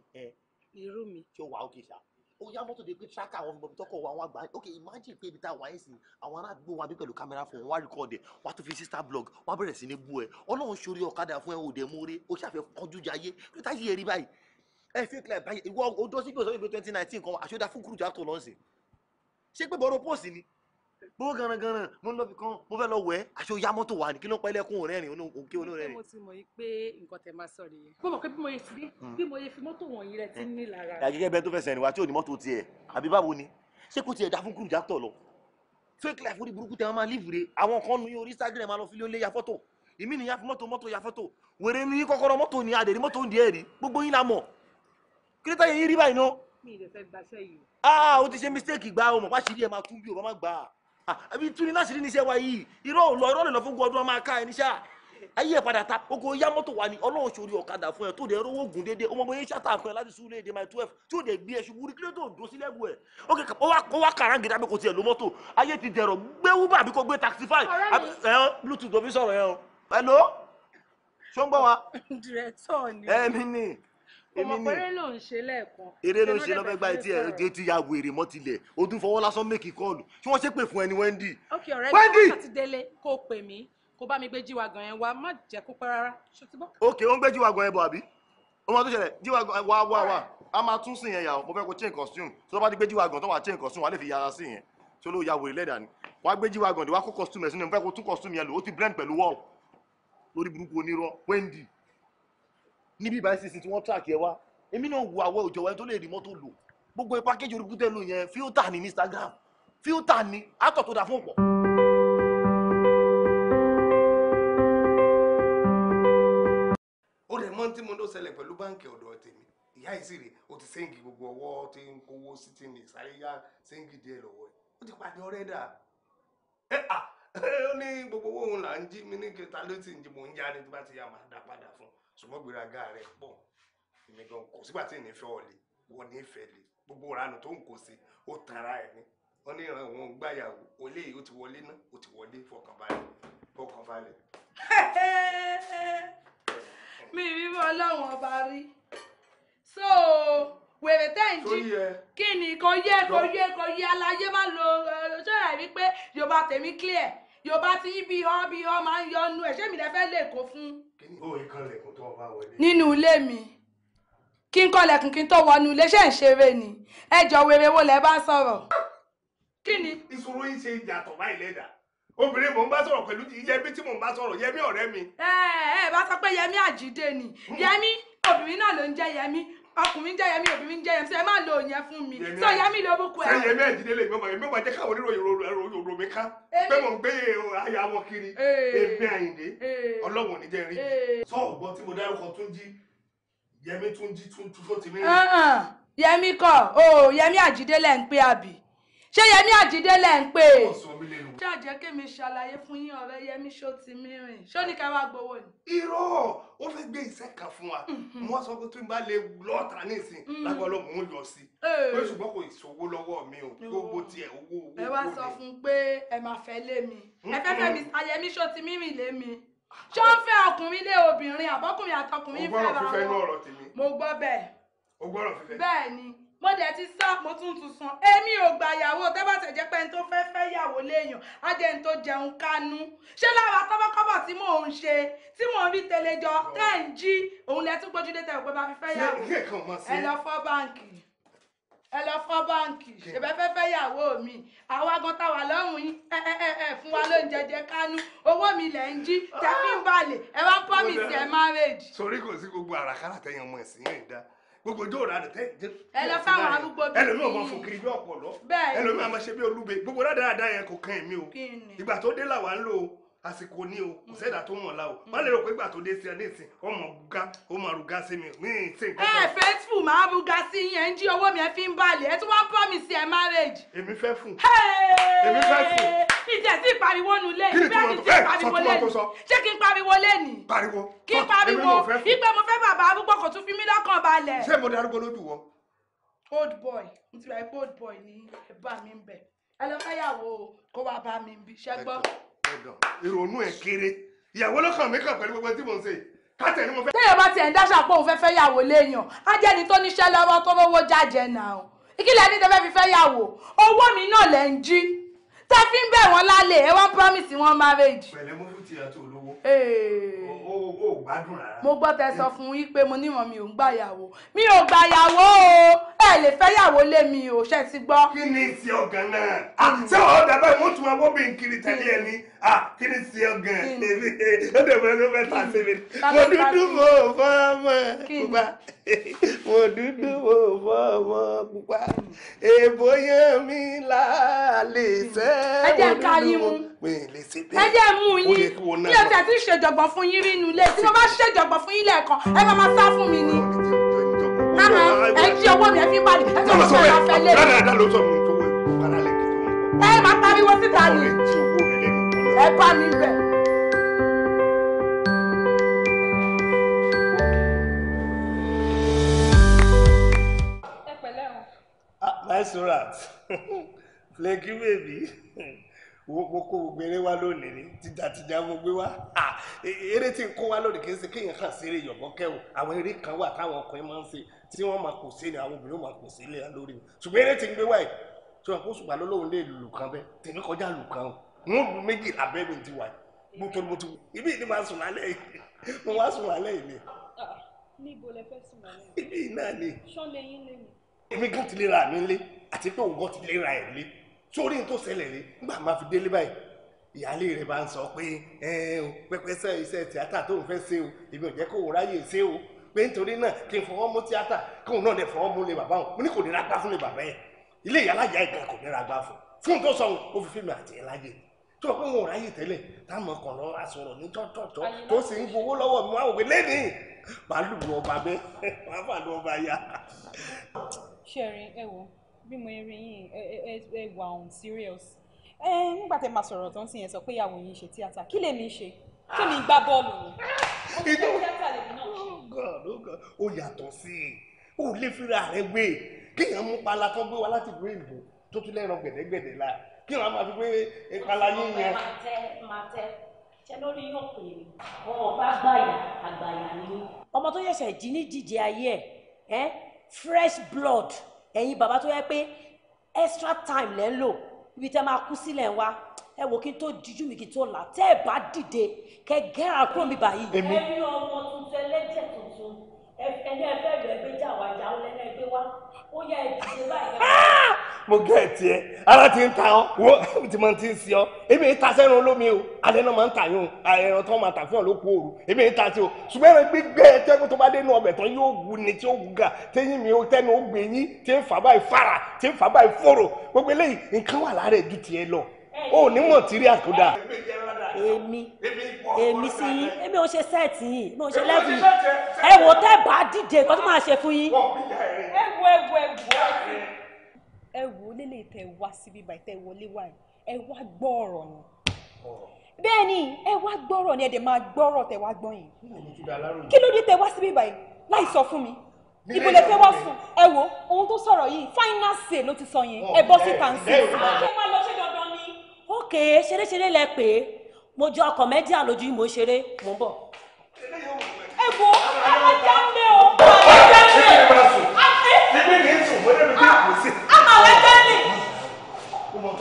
irú mi. tí ó wà ó kì í sá ó yá mọ́tò de pé tracker àwọn ọmọ mi tọkọ wa wọn àgbà ok imagine pé ibi tá a wáyé sí àwọn aládùúgbò wa bí pẹ̀lú kámẹ́rà fún wọn wá record ẹ̀ wá tó fi sister blog wá bẹ̀rẹ̀ sí ní bú ẹ ọlọ́run ṣorí ọ̀kadà fún ẹ òde múre ó ṣàfẹ́ kọjú jayé ló tá yé ẹ rí báyìí ẹ fake life báyìí ìwọ ọdọ sí pé òṣèlú twenty nineteen kan àṣọdá fún kúrújà tó lọ́sìn ṣé pé bọ́ọ̀rọ̀ post ni bó gánagánà mo ń lọ bí kan mo fẹ́ lọ wẹ̀ àṣọ ya mọ́tò wa ni kí ló ń pẹ́lẹ́kùn rẹ́rìn òkè olóòrẹ́rìn. mo ti mọ̀ yìí pé nǹkan tẹ máa sọ nìyẹn. mo mọ̀ pé bí mo yẹ fi mm. bí mo yẹ fi mọ́tò wọ̀nyí rẹ ti ní lára. àgẹ́gẹ́ bẹ́ẹ̀ tó fẹsẹ̀ rìn tí ò ní mọ́tò tiẹ̀ àbí báwo ni ṣé kò tiẹ̀ dá fún kúrú jàtọ̀ lọ. fake life orí burúkú tẹ wọn máa lífure àwọn kan nu orí Instagram máa lọ fi lé ya fọ́tò èmi nìyà fi ya fọ́tò wèrè ní kọ́kọ́rọ́ mọ́tò ni adèrè mọ́tò ń di ẹ̀rí gbogbo yín la mọ̀ kí ló tẹ̀yẹ ah o ti ṣe mistake gbá o mọ̀ bá ṣe rí àbí tún ní láti rí níṣẹ́ wa yìí irọ́ ò lọ irọ́ lè lọ fún gbọdún ọmọ aká ẹni ṣá ayé ẹ̀ padà ta oko ya mọ́tò wa ni ọlọ́run ṣòrí ọ̀kadà fún ẹ tó dẹ̀ rówó gùn déédéé ọmọ bóyá ṣàtà fún ẹ láti sùúrù èdè máa twelve tí ò dẹ̀ gbé ẹṣu wúrí kílódé ò dó sílẹ̀ bù ẹ̀ ok ó wá kàrán gidi abẹ́ kò tiẹ̀ lo mọ́tò ayé ti dẹ̀rọ̀ gbé wúbà àbí kò gbé taxify ẹ̀ bluetooth ló fi sọ̀rọ̀ yẹn o hello ṣó ń gbọ́ wa. dìrẹ̀tọ̀ ni. ẹ mi ni èmi ni eré ló ń ṣe lọ́fẹ́ gba etí ẹ̀ ẹ ti ya wèrè mọ́ tilẹ̀ o tún fọwọ́ lásán méèkì kọ́ọ̀lù tí wọ́n ṣe pè fún ẹni Wendy. ok ọ̀rẹ́ mi kò ti délé kó o pè mí kó bá mi gbé jíwàgàn yẹn wá má jẹ́ kó pẹ́ rárá ok ó ń gbé jíwàgàn yẹn bọ̀ àbí ọmọ tó ṣẹlẹ̀ jíwàgàn wá wá wá a máa tún sìn yẹn yà mo fẹ́ kó change costume tó bá ti gbé jíwàgàn tó wà change costume wà lè fi yàrá sí yẹn tó ló ya wèrè lẹ́dà ni wàá gbé jíwàgàn tó wá níbí ìbáyìí sísìn tí wọ́n tíráàkì ẹ wá èmi náà wo àwọ̀ òjò wẹ́n tó lè rí mọ́tò lò gbogbo pákéjì orí kútẹ́ lò yẹn fíltà ní Instagram fíltà ní àtọ̀ tó dáa fún ọ̀pọ̀. ó rẹ̀ mọ́ tí mo ló ṣẹlẹ̀ pẹ̀lú báǹkì ọ̀dọ̀ tèmi ìyá yìí sì rè o ti sẹ́ǹgì gbogbo ọwọ́ tí ń kówó sí ti ní sáré yá sẹ́ǹgì díẹ̀ lọ́wọ́ ẹ̀ ó ti pàdé ọ̀rẹ́ dà ẹ́ à ó ní gbogbo owó òun là ń jí mi ní kí ta ló ti ń jí mò ń yá ni bá ti yá máa dá padà ṣùgbọ́n gbéraga rẹ pọ̀ èmi gan kò sígbà tí ìnífẹ́ ọ̀ le wọ́n nífẹ̀ẹ́ le gbogbo ìranù tó ń kó sí ó tanra ẹ̀ ni wọ́n ní ìran òun gbàyàwó olè ó ti wọlé náà ó ti wọlé fọkànbalẹ̀ fọkànbalẹ̀. mi rí bọ́ ọlọ́run ọba rí so wèrè tẹ́ǹjì kí ni kò yẹ kò yẹ kò yẹ aláyé má lo ṣọ́ra rí pé yorùbá tèmi clear yorùbá tí ibi ọ bí ọ máa ń yọnu ẹ mi lè fẹ́ lè kó fún. kí ni òye kan lẹ̀kùn tó bá wọlé. nínú ilé mi kí n kọlẹ̀kùn kí n tó wọnú ilé ṣé ń ṣeré ni ẹ jọ wèrè wo lẹ bá sọ̀rọ̀. kí ni. ìṣòro yìí ṣe yàtọ̀ báyìí lẹ́dà obìnrin mò ń bá sọ̀rọ̀ pẹ̀lú yẹmi tí mò ń bá sọ̀rọ̀ yẹmi ọ̀rẹ́ mi. ẹ ẹ bá sọ pé yẹmi àjídé ni hmm. yẹmi obìnrin náà ló ń jẹ yẹmi ọkùnrin jẹ́ yẹmi obìnrin jẹ́ yẹmi sọ ẹ má lo òyìn fún mi sọ yẹmi lórúkọ ẹ. sẹ́yìn ẹ̀mí ẹ̀jìnlẹ̀ lè mọ̀ ẹ̀mí ọ̀gbà jẹ́ káwọn oníròyìn òrò mi ká pé mo ń gbé aya wọn kiri èmi àyìndé ọlọ́wọ̀n ní jẹ́rìí sọ ọ̀gbọ́n tí mo dárúkọ tún jí yẹmi tún jí tún tún tó ti mí. yẹmi kọ o yẹmi àjídé ń pé àbí ṣé yẹmí àjídé lẹ̀ ń pè é ṣé àjẹ́ kémi ṣàlàyé fún yín ọ̀rẹ́ yẹmí ṣó ti mí ṣó ní ká wá gbowó ni. irọ́ ó fẹ́ gbé iṣẹ́ kan fún wa mm-hmm. wọ́n sọ pé tó ń bá lè lọ́ọ̀tà nísìn mm-hmm. lágbọ́lọ́ mò ń yọ sí i pé ṣùgbọ́n ìṣòwò lọ́wọ́ mi o gbogbo tiẹ̀ owó owó ẹ wá sọ fún pé ẹ máa fẹ́ lé mi ẹ fẹ́ fẹ́ mi ayẹmí ṣó ti mí rìn lé mi ṣó ń fẹ́ ọkùnrin lé obìnrin àbọ́kùnrin àtọkùnrin fẹ́ wọn mo gbọ́ bẹ́ẹ̀ bẹ́ẹ̀ ni mo dẹ̀ ti sá mo tún tún san èmi ò gba ìyàwó tẹ́ bá tẹ̀ pé ẹni tó fẹ́ fẹ́ ìyàwó léèyàn á jẹ́ ẹni tó jẹun kánú ṣé lára kọ́bọ̀kọ́bọ̀ tí mò ń ṣe tí mò ń rí telejọ tẹ́ ń jí òun lẹ tún gbójú dé tẹ̀ pé bá fi fẹ́ ìyàwó ẹ lọ fọ́ báǹkì ẹ lọ fọ́ báǹkì ṣèbẹ́ fẹ́ fẹ́ ìyàwó mi àwa gan táwa lọ́rùn yín ẹ fún wa ló ń jẹjẹ kánú owó mi lẹ̀ ń jí tẹ̀fín balẹ̀ ẹ wá promise ẹ marriage. sorí kò sí gbogbo àràkàrà tẹ̀yìn ọmọ ẹ̀sìn yẹn dá gbogbo ojú òrà rẹ tẹ. ẹ lọ fáwọn arúgbó bíi ẹlòmí ò mọ fún kiri bí ọpọlọ ẹlòmí àmọ ṣe bí olúbe gbogbo dáadáa yẹn kò kàn mí o ìgbà tó dé làwa ń lò ó àsìkò ní o kò mm. sẹ́dà tó mọ̀ la o mm. má lè rò pé gbà tó dé sí ẹ nísìn ọmọ buga ó máa ruga sí mi ní ìsìn kan. ẹ faithful máa buga sí yín ẹ ń jí owó mi ẹ fi ń balẹ̀ ẹ tún wá ń promise ẹ marriage. èmi fẹ́ fún. èmi fẹ́ fún. ìjẹ́ sí ìpariwo nu lé ní bẹ́ẹ̀ ni sí ìpariwo lé ní ṣé kí n pariwo lé ní. pariwo kí n pariwo ìgbẹ́ mo fẹ́ bàbá arúgbó kò tún fi mí lọ́kàn balẹ̀. ṣé mo darúgbó lójú wọ. old boy mo ti old boy ní ẹ̀bá mi ń bẹ̀ ẹ lọ fẹ́yàwó kó wá bá mi ń bí ṣẹ́gbọ́n ìrònú ẹ̀ kéré ìyàwó lọ́kàn mi kàn pẹ̀lú gbogbo tí mò ń ṣe kátẹ̀ ni mo fẹ́. téèyàn bá tiẹ̀ ń dáṣà pé òun fẹ́ fẹ́ yàwó léèyàn á jẹ́ ni tó níṣẹ́ lọ́wọ́ tó mówó jájẹ náà ìkílẹ̀ ní tẹ́fẹ́ fi fẹ́ yàwó owó mi náà lẹ́ ń jí tẹ́ fi ń bẹ̀ wọ́n lálẹ́ ẹ wọ́n promise wọn marriage. pẹ̀lẹ́ mo fún tiẹ̀ àti olówó. o ò gbádùn rárá. mo gbọ́ tẹ sọ fún yín pé mo níwọ̀n mi ò ń gbà yàwó mi ò gbà yàwó o ẹ lè fẹ́ yàwó lé mi ò ṣe ti gbọ́. kí ni ìsì ọ̀gán náà ah, àti ọ̀dà báyìí mo tún máa wọ́ bí n kiri tẹ́lẹ̀ ẹni Ah, kí ni sí ọgàn èmi ó dẹ̀ mọ́ ẹgbẹ́ mẹ́ta sí mi mo dúdú mo fọ́ ọmọ pupa mo dúdú mo fọ́ ọmọ pupa èbó yẹn mi là lè sẹ́ mo dúdú mo mi lè ṣe bẹ́ẹ̀ ẹ jẹ́ mú yín mi ò tẹ̀ sí ṣèjọ̀gbọ̀n fún yín rínú ilé tí mo bá ṣèjọ̀gbọ̀n fún yín lẹ́ẹ̀kan ẹ máa ma sá fún mi ni ẹ jí owó mi ẹ fi balẹ̀ ẹ tó ń sọ ẹ fẹ́ lé mi ẹ máa pariwo síta ni ẹ bá mi bẹ̀. ẹ pẹ̀lẹ́ o. ah nice rat flaky baby mo kó gbogbo eré wá lónìí ni tìjàtìjà mo gbé wá ah, e, eré tí n kó wá lónìí kì í ṣe kéèyàn kàn sí eré yọ̀bọ̀ kẹ́wò àwọn eré kan wà táwọn ọkùnrin máa ń ṣe tí wọ́n máa kò sí ni àwọn obìnrin máa kò sí ilé lórí mi ṣùgbọ́n eré tí n gbé wá yìí tí wọ́n kó ṣùgbọ́n lọ́lọ́run lè lù kàn bẹ́ẹ̀ tèmi kọjá lù kàn o wọn lu méjì lábẹ́ mi ti wà mo ibi ni máa sùn lálẹ́ yìí mo wá sùn lálẹ́ yìí ni. níbo lẹ fẹ́ sùn lálẹ́. ibi náà ni. sọ́lẹ̀ yín lé mi. èmi gan ti lè ra mi lé àti pé òun gan ti lè ra ẹ̀ lé sórí ní tó ṣẹlẹ̀ lé nígbà máa fi délé báyìí ìyáálé rẹ̀ bá ń sọ pé pẹpẹsẹ iṣẹ́ tíátà tó ń fẹ́ ṣe o èmi ò jẹ́ kó o ráyè ṣe o pé nítorí náà kí n fọwọ́ mú tíátà kóun náà lè fọwọ́ mú lè bàbá òun mo ní kò ní ra gbá fún lè bàbá yẹn ilé ìyá alájà ìgbà kò ní ra gbá fún fún tó sọ òun ó fi fíìmù àti ẹ̀ láyè tó pé wọn ò ráyè tẹ́lẹ̀ táwọn kan lọ asọ̀rọ̀ ní tọ́tọ̀tọ̀ tó sì ń gbowó lọ́wọ́ mi wá òwe lẹ́nìí màá lù lù ọba bẹ́ẹ̀ màá fà lù ọba yá. ṣẹ́rin ẹ wo bí mo rí yín ẹ wà on serious ẹ nígbà tẹ máa sọ̀rọ̀ tó ń sìn yẹn sọ pé ìyàwó yín ṣe tíátà kí lèmi ṣe kí mi gbá bọ́ọ̀lù ni ó ṣe tíátà lèmi náà ṣe. Oh oh ó yàtọ̀ sí i ó lè fira kí wọn máa fi gbé ìpalà yín yẹn. máa tẹ máa tẹ ṣé lórí yóò pè mí wọn bá gbàyà àgbàyà ni. ọmọ tó ṣẹ̀ṣẹ̀ jí ní jíjẹ ayé ẹ̀ fresh blood ẹ̀yin bàbá tó yẹ pé extra time lẹ́ ń lò ibi tẹ́ máa kú sílẹ̀ ń wá ẹ wò kí n tó dijú mi kí n tó là tẹ́ ẹ bá dìde kẹ́ gẹ́ra kúrò mi báyìí. èmi ọmọ tuntun ẹlẹ́jẹ̀ ẹni ẹ fẹ́ rẹ̀ gbé ah! mo gẹ tiẹ ara ti ń ta ọ wo ti máa ti ń si ọ èmi ta sẹ́nu olómi o alẹ́ náà máa ń ta yín o ẹran tó máa tà fún ọ ló kú òru èmi ta sí o ṣùgbọ́n ẹran gbígbẹ́ tó bá dé inú ọbẹ̀ tán yóò wu ni tí ó wu gà mi ó tẹ́nu ó gbé yín tí ń fà báyìí fara tí ń fà báyìí fòrò gbogbo eléyìí nǹkan wà lára ẹ̀ ju tiẹ̀ lọ o ní material kò dáa. èmi èmi sí yín èmi ò ṣe sẹ́ẹ̀tì yín èmi ò ṣe lẹ́ẹ̀tì yín ẹ wò tẹ́ bá díje kó tó máa ṣe fún yín. ẹ wo ẹ wo ẹ wo ẹ wo lélẹ̀ tẹ wá síbí báyìí tẹ wọlé wá yìí ẹ wá gbọ́ ọ̀rọ̀ ni bẹ́ẹ̀ ni ẹ wá gbọ́rọ̀ ni ẹ dẹ̀ máa gbọ́rọ̀ tẹ wá gbọ́ yìí kí ló dé tẹ wá síbí báyìí láì sọ fún mi ibo lè fẹ́ wá sùn ẹ wo ohun tó sọ̀rọ̀ yìí final say ló ti sọ yẹn ẹ bọ́ síta ń sìn ókè ṣeréṣeré lẹ pè é mo jọ kọ̀mẹ́díà lójú yìí mo ń ṣeré mo ń bọ̀. ẹ wo ẹ má ń lé o. ẹ jẹ́ ń lé àti. ṣé bí kì í sùn mo dẹ́bi kí n kò sí. a máa wẹ́ jẹ́ ń lé. ó mọ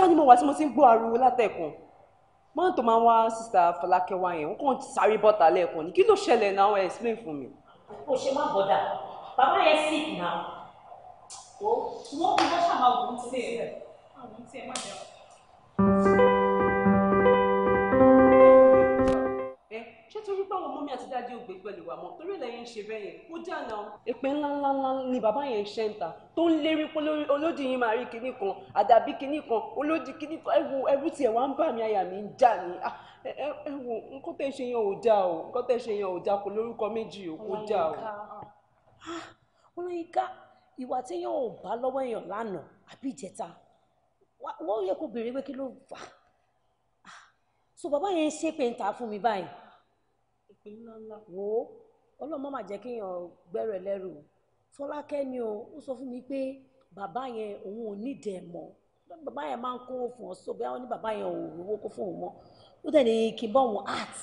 ìta ni mo wà tí mo ti ń gbọ́ ariwo látẹ̀kùn máa tó máa wá sísá Fọlákẹ́ yẹn wọ́n kàn sáré bọ́ta lẹ́ẹ̀kan ní kí ló ṣẹlẹ̀ náà ẹ̀ explain fún mi. o ṣe má bọ́dà bàbá yẹn sick now o wọ́n fi wọ́n ṣàmà ògùn tí ògùn tí má jẹun. ṣé torí pé àwọn ọmọ mi àti dájú ògbé pẹ̀lú wa mọ́ torí lẹ́yìn ṣe bẹ́ẹ̀ yẹn ó dáná. èpè ńláńláńlá ni bàbá yẹn ṣe ń ta tó ń lérí pé olódì yìí máa rí kinní kan àdàbí kinní kan olódì kinní kan ẹ̀wù ẹ̀wù tiẹ̀ wá ń bà mí àyà mi ń jà ní ẹ̀wù nǹkan tẹ́ ṣe yẹn ò já o nǹkan tẹ́ ṣe yẹn ò já kò lórúkọ méjì o kò já o. olóyinka ah, ìwà tí yóò bá lọ́wọ́ èèyàn lánàá àbí ìjẹta wọ́n yẹ kó béèrè pé kí ló fà ah, so bàbá yẹn ṣépè ń ta fún mi báyìí iná ńlá wo ọlọ́run má má jẹ́ kéèyàn gbẹ́rẹ̀ lẹ́rù fọlákẹ́ ni o ó sọ fún mi pé bàbá yẹn òun ò nídìí ẹ̀ mọ́ bàbá yẹn máa ń kó fún ọ sóbi àwọn ní bàbá yẹn ò rówó kó fún òun mọ́ ó dẹ̀ ní kí n bọ́ art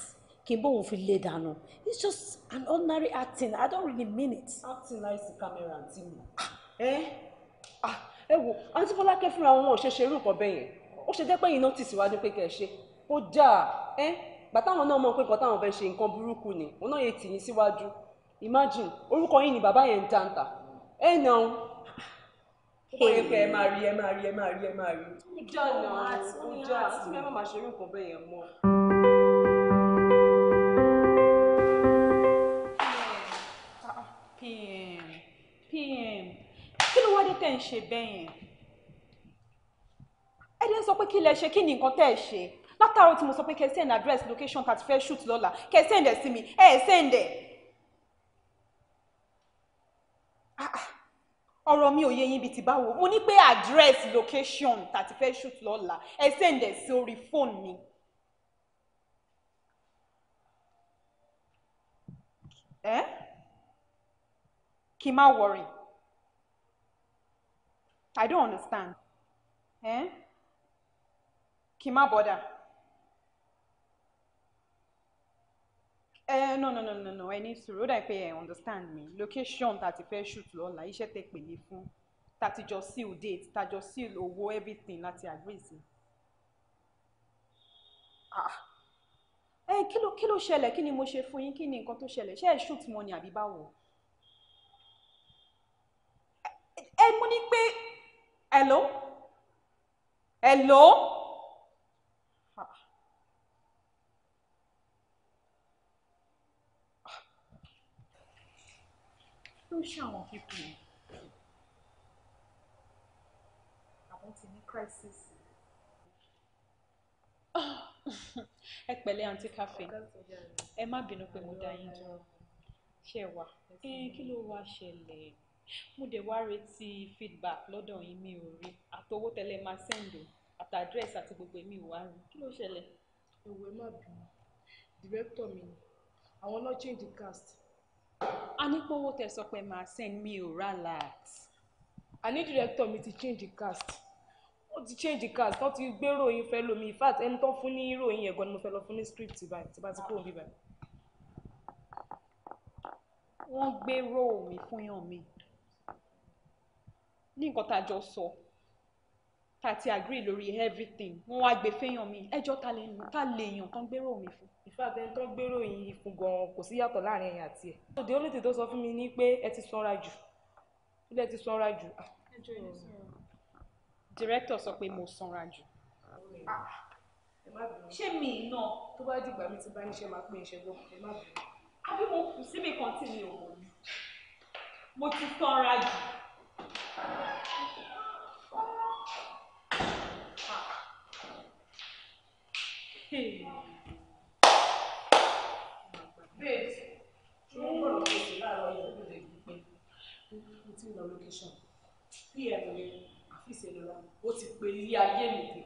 kí n bọ́ fi lè dànù it's just an ordinary acting i don't really mean it. acting láìsí kámẹ́rà àǹtí mi. ẹ ẹ wo àǹtí fọlákẹ́ fúnra wọn ò ṣe ṣerú nǹkan bẹ́ẹ̀ yẹn ó ṣe jẹ́ pé yìí náà tì síwájú pé kẹ́ ẹ ṣe ó dáa ẹ eh? gbàtàwọn náà mọ̀ pé nǹkan táwọn fẹ́ ṣe nǹkan burúkú ni òun náà yẹ tì yín síwájú imagine orúkọ yín ni bàbá yẹn ń jàǹtà ẹ nà ó kò yẹ pé ẹ máa rí ẹ máa rí ẹ máa rí ẹ máa rí. ó jà náà ó jà àti fẹ́ máa ṣe irú nǹkan bẹ́ẹ̀ yẹn mọ́. pm pm kí ló wá tẹ̀ ń ṣe bẹ́ẹ̀ yẹn ẹ dẹ́ sọ pé kí lẹ ṣe kí ni nǹkan tẹ̀ ṣe látàárọ̀ tí mo sọ pé kẹ́ send address location tàti fẹ́ shoot lọ́la kẹ́ send ẹ̀ sí mi ẹ̀ ẹ̀ send ẹ̀. Ah, ah, ọ̀rọ̀ mi ò yé yín bíi ti báwo mo ní pé address location tàti fẹ́ shoot lọ́la ẹ̀ send ẹ̀ sí orí fóònù mi. ẹ má worry I don't understand. Eh? Kí má bother. ẹ eh, no no no no no ẹ ní sùúrù ó dà pé ẹ understand me location that a ti shoot lọ́la iṣẹ́ tẹ take mí phone. That you just jọ seal date That a jọ seal owó everything that you agree sí. ẹ ah. eh, kí kilo kí ló ṣẹlẹ̀ mo ṣe fún yín kí ni nǹkan tó ṣẹlẹ̀ shoot money àbí báwo. Eh, mo ni pe. hello hello. ló ṣe àwọn pípọ̀ yìí crisis. ẹ pẹ̀lẹ́ àǹtí káfíń ẹ má bínú pé mo dá yín dúró ṣe wà kí ló wá ṣẹlẹ̀ mo dẹ̀ wá retí feedback lọ́dọ̀ yín mi ò rí àtọwọ́ tẹ́lẹ̀ máa sẹ́ndò àti address àti gbogbo èmi ò wá rí kí ló ṣẹlẹ̀. èwe má bínú director mi ni àwọn lọ́ọ́ change the cast anípòwò tẹ̀sọ pé máa send me o ralat. àní director mi ti change the cast ó ti change the cast wọ́n ti gbé ròyìn fẹ́ lómi in fact ẹni tó fún ní ròyìn yẹn gan ni mo fẹ́ lọ fún ní script báyìí tí bá ti kúrò bíbá. wọ́n gbé ròyìn fún yàn mi ní nǹkan tá a jọ sọ. So tá a ti agree lórí everything wọn wá gbé fẹ́yàn mi ẹjọ́ ta lè yàn ta lè yàn tán gbérò mi fún. ìfàtẹ́ ń tán gbérò yìí fún gan-an kò sí yàtọ̀ láàrin ẹ̀yìn àti ẹ̀. òde olóòtú tó sọ fún mi ni pé ẹ ti sanra jù ilé ẹ ti sanra jù. Ah. director sọ pé mo sanra jù. ṣé mi náà tó bá dìgbà mi ti bá níṣẹ́ máa pín iṣẹ́ lókun àbí mo kù síbi kan tí mi ò mọ̀ ni mo ti sanra jù. Hey. Babes, ṣé wọ́n bọ̀ lókè sí láàárọ̀ yìí ló lè gbé pé mo ti ń lọ location. PM yẹn àfíìsì ìlọra ó ti pe ilé ayé mi dé.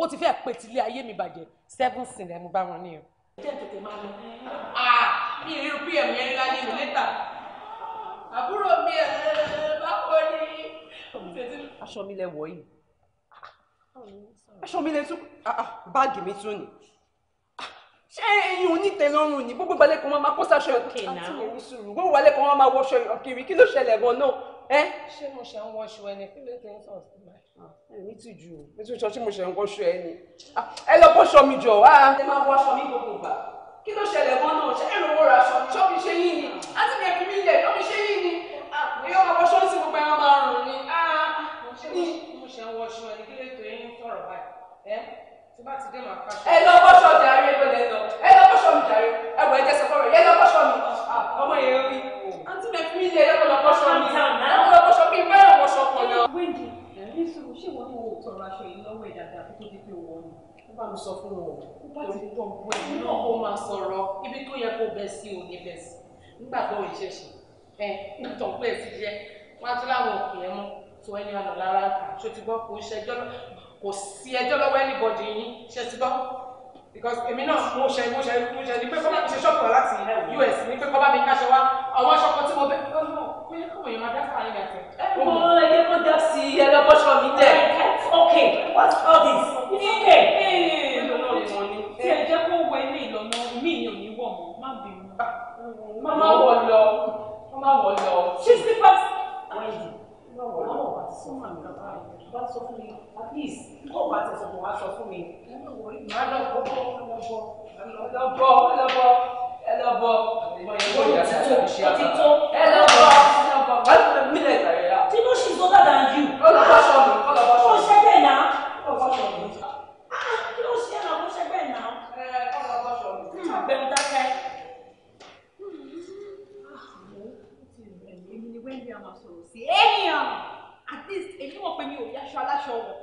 Ó ti fẹ́ pe ti ilé ayé mi bàjẹ́ seven sin ẹ̀ mo bá wọn ní o. Jẹ́ tètè máa lọ. Ah, mi ì rí PM yẹn láyé mi lẹ́tà. Àbúrò mi ẹ̀ bá wọlé. Aṣọ mi lẹ wọ̀ yìí aṣọ mi lè tún ah, ah, báàgì mi tún ni ah, ṣé eyín onítẹ̀lọ́rùn ni gbogbo gbalẹ̀ kan máa kó sáṣọ ìkìlá àti èmi sùúrù gbogbo gbalẹ̀ kan máa wọṣọ ìkiri kí ló ṣẹlẹ̀ gan náà ẹ. ṣé mo ṣe ń wọṣọ ẹni kí ló ti ń sọ sí mi. èmi ti jù ú mi tún sọ ṣé mo ṣe ń wọṣọ ẹni ẹ lọ bọ́ṣọ mi jọ. ẹ máa wọṣọ mi gbogbo gbà kí ló ṣẹlẹ̀ gan náà ṣé ẹ lówó ra ẹ lọ bọ́ṣọ jàre gbọ́dọ̀ lọ ẹ lọ bọ́ṣọ mi jàre ẹ wọ ẹjẹ sọfọ rẹ ẹ lọ bọ́ṣọ mi ah, ọmọ yẹn rí àǹtí mi fún mi lé ẹ lọ bọ́ṣọ mi ẹ lọ bọ́ṣọ mi fẹ́ràn bọ́ṣọ kan lọ. wíńdì ẹ̀rí sùn ṣé wọ́n mú tọrọ aṣọ yìí lọ́wọ́ ẹ̀ dáadáa kó tó di pé wọ́n ni ó bá mi sọ fún wọn ó bá ti tọ̀ bọ́ ẹ̀ nínú ọkọ̀ jẹ́ wọ́n á tún láwọn òkè ẹ̀ tó ẹni ọ̀nà lára kà tó ti gbọ́ kó ṣẹjọ́ kò sí ẹjọ́ lọ́wọ́ anybody yín ṣe ti gbọ́ because èmi náà mo ṣe mo ṣe mo ṣe ni pé kọ́lá mi ṣe ṣọ́ọ̀kọ̀ láti US ni pé kọ́lá mi káṣọ wá àwọn aṣọ́kọ tí mo bẹ ó mọ̀ pé káwọn èèyàn máa dá sáà nígbà tẹ̀. ẹ mọ ẹyẹ kó dá sí ẹlẹ́bọ̀ṣọ mi tẹ̀ okay what's all this it's okay. ẹ ẹ jẹ́ kó wọ ilé ìlọ́nà mi ìyàn ní wọ̀ mọ́ má bínú. Ah, mama wọ lọ mama wọ lọ. sixty percent. wọ́n yìí wọ́n wọ̀ lọ́wọ́ sọ́mọ́ mi lọ́wọ́ bá sọ fún mi at least kó o bá ti sọ̀tún wá sọ fún mi ẹ má wọrí màá lọ bọ́ ẹ lọ bọ́ ẹ lọ bọ́ ẹ lọ bọ́ ẹ lọ bọ́ ẹ lọ bọ́ wọ́n ti mi lẹ̀ tàyẹ̀ yá. Tinu she is older than you. ọlọ́pàá sọ mi ọlọ́pàá sọ mi. kò ṣe bẹ́ẹ̀ náà. ọlọ́pàá sọ mi. kí ló ṣe náà kò ṣe bẹ́ẹ̀ náà. ọlọ́pàá sọ mi. Hmm, àbẹ̀wò dákẹ́. Hmm. Ah, èmi ni wẹ́ndì àmà sọ̀rọ̀ sí. ènìyàn at least èmi mọ̀ pé mi ò yáṣọ aláṣọ wọ̀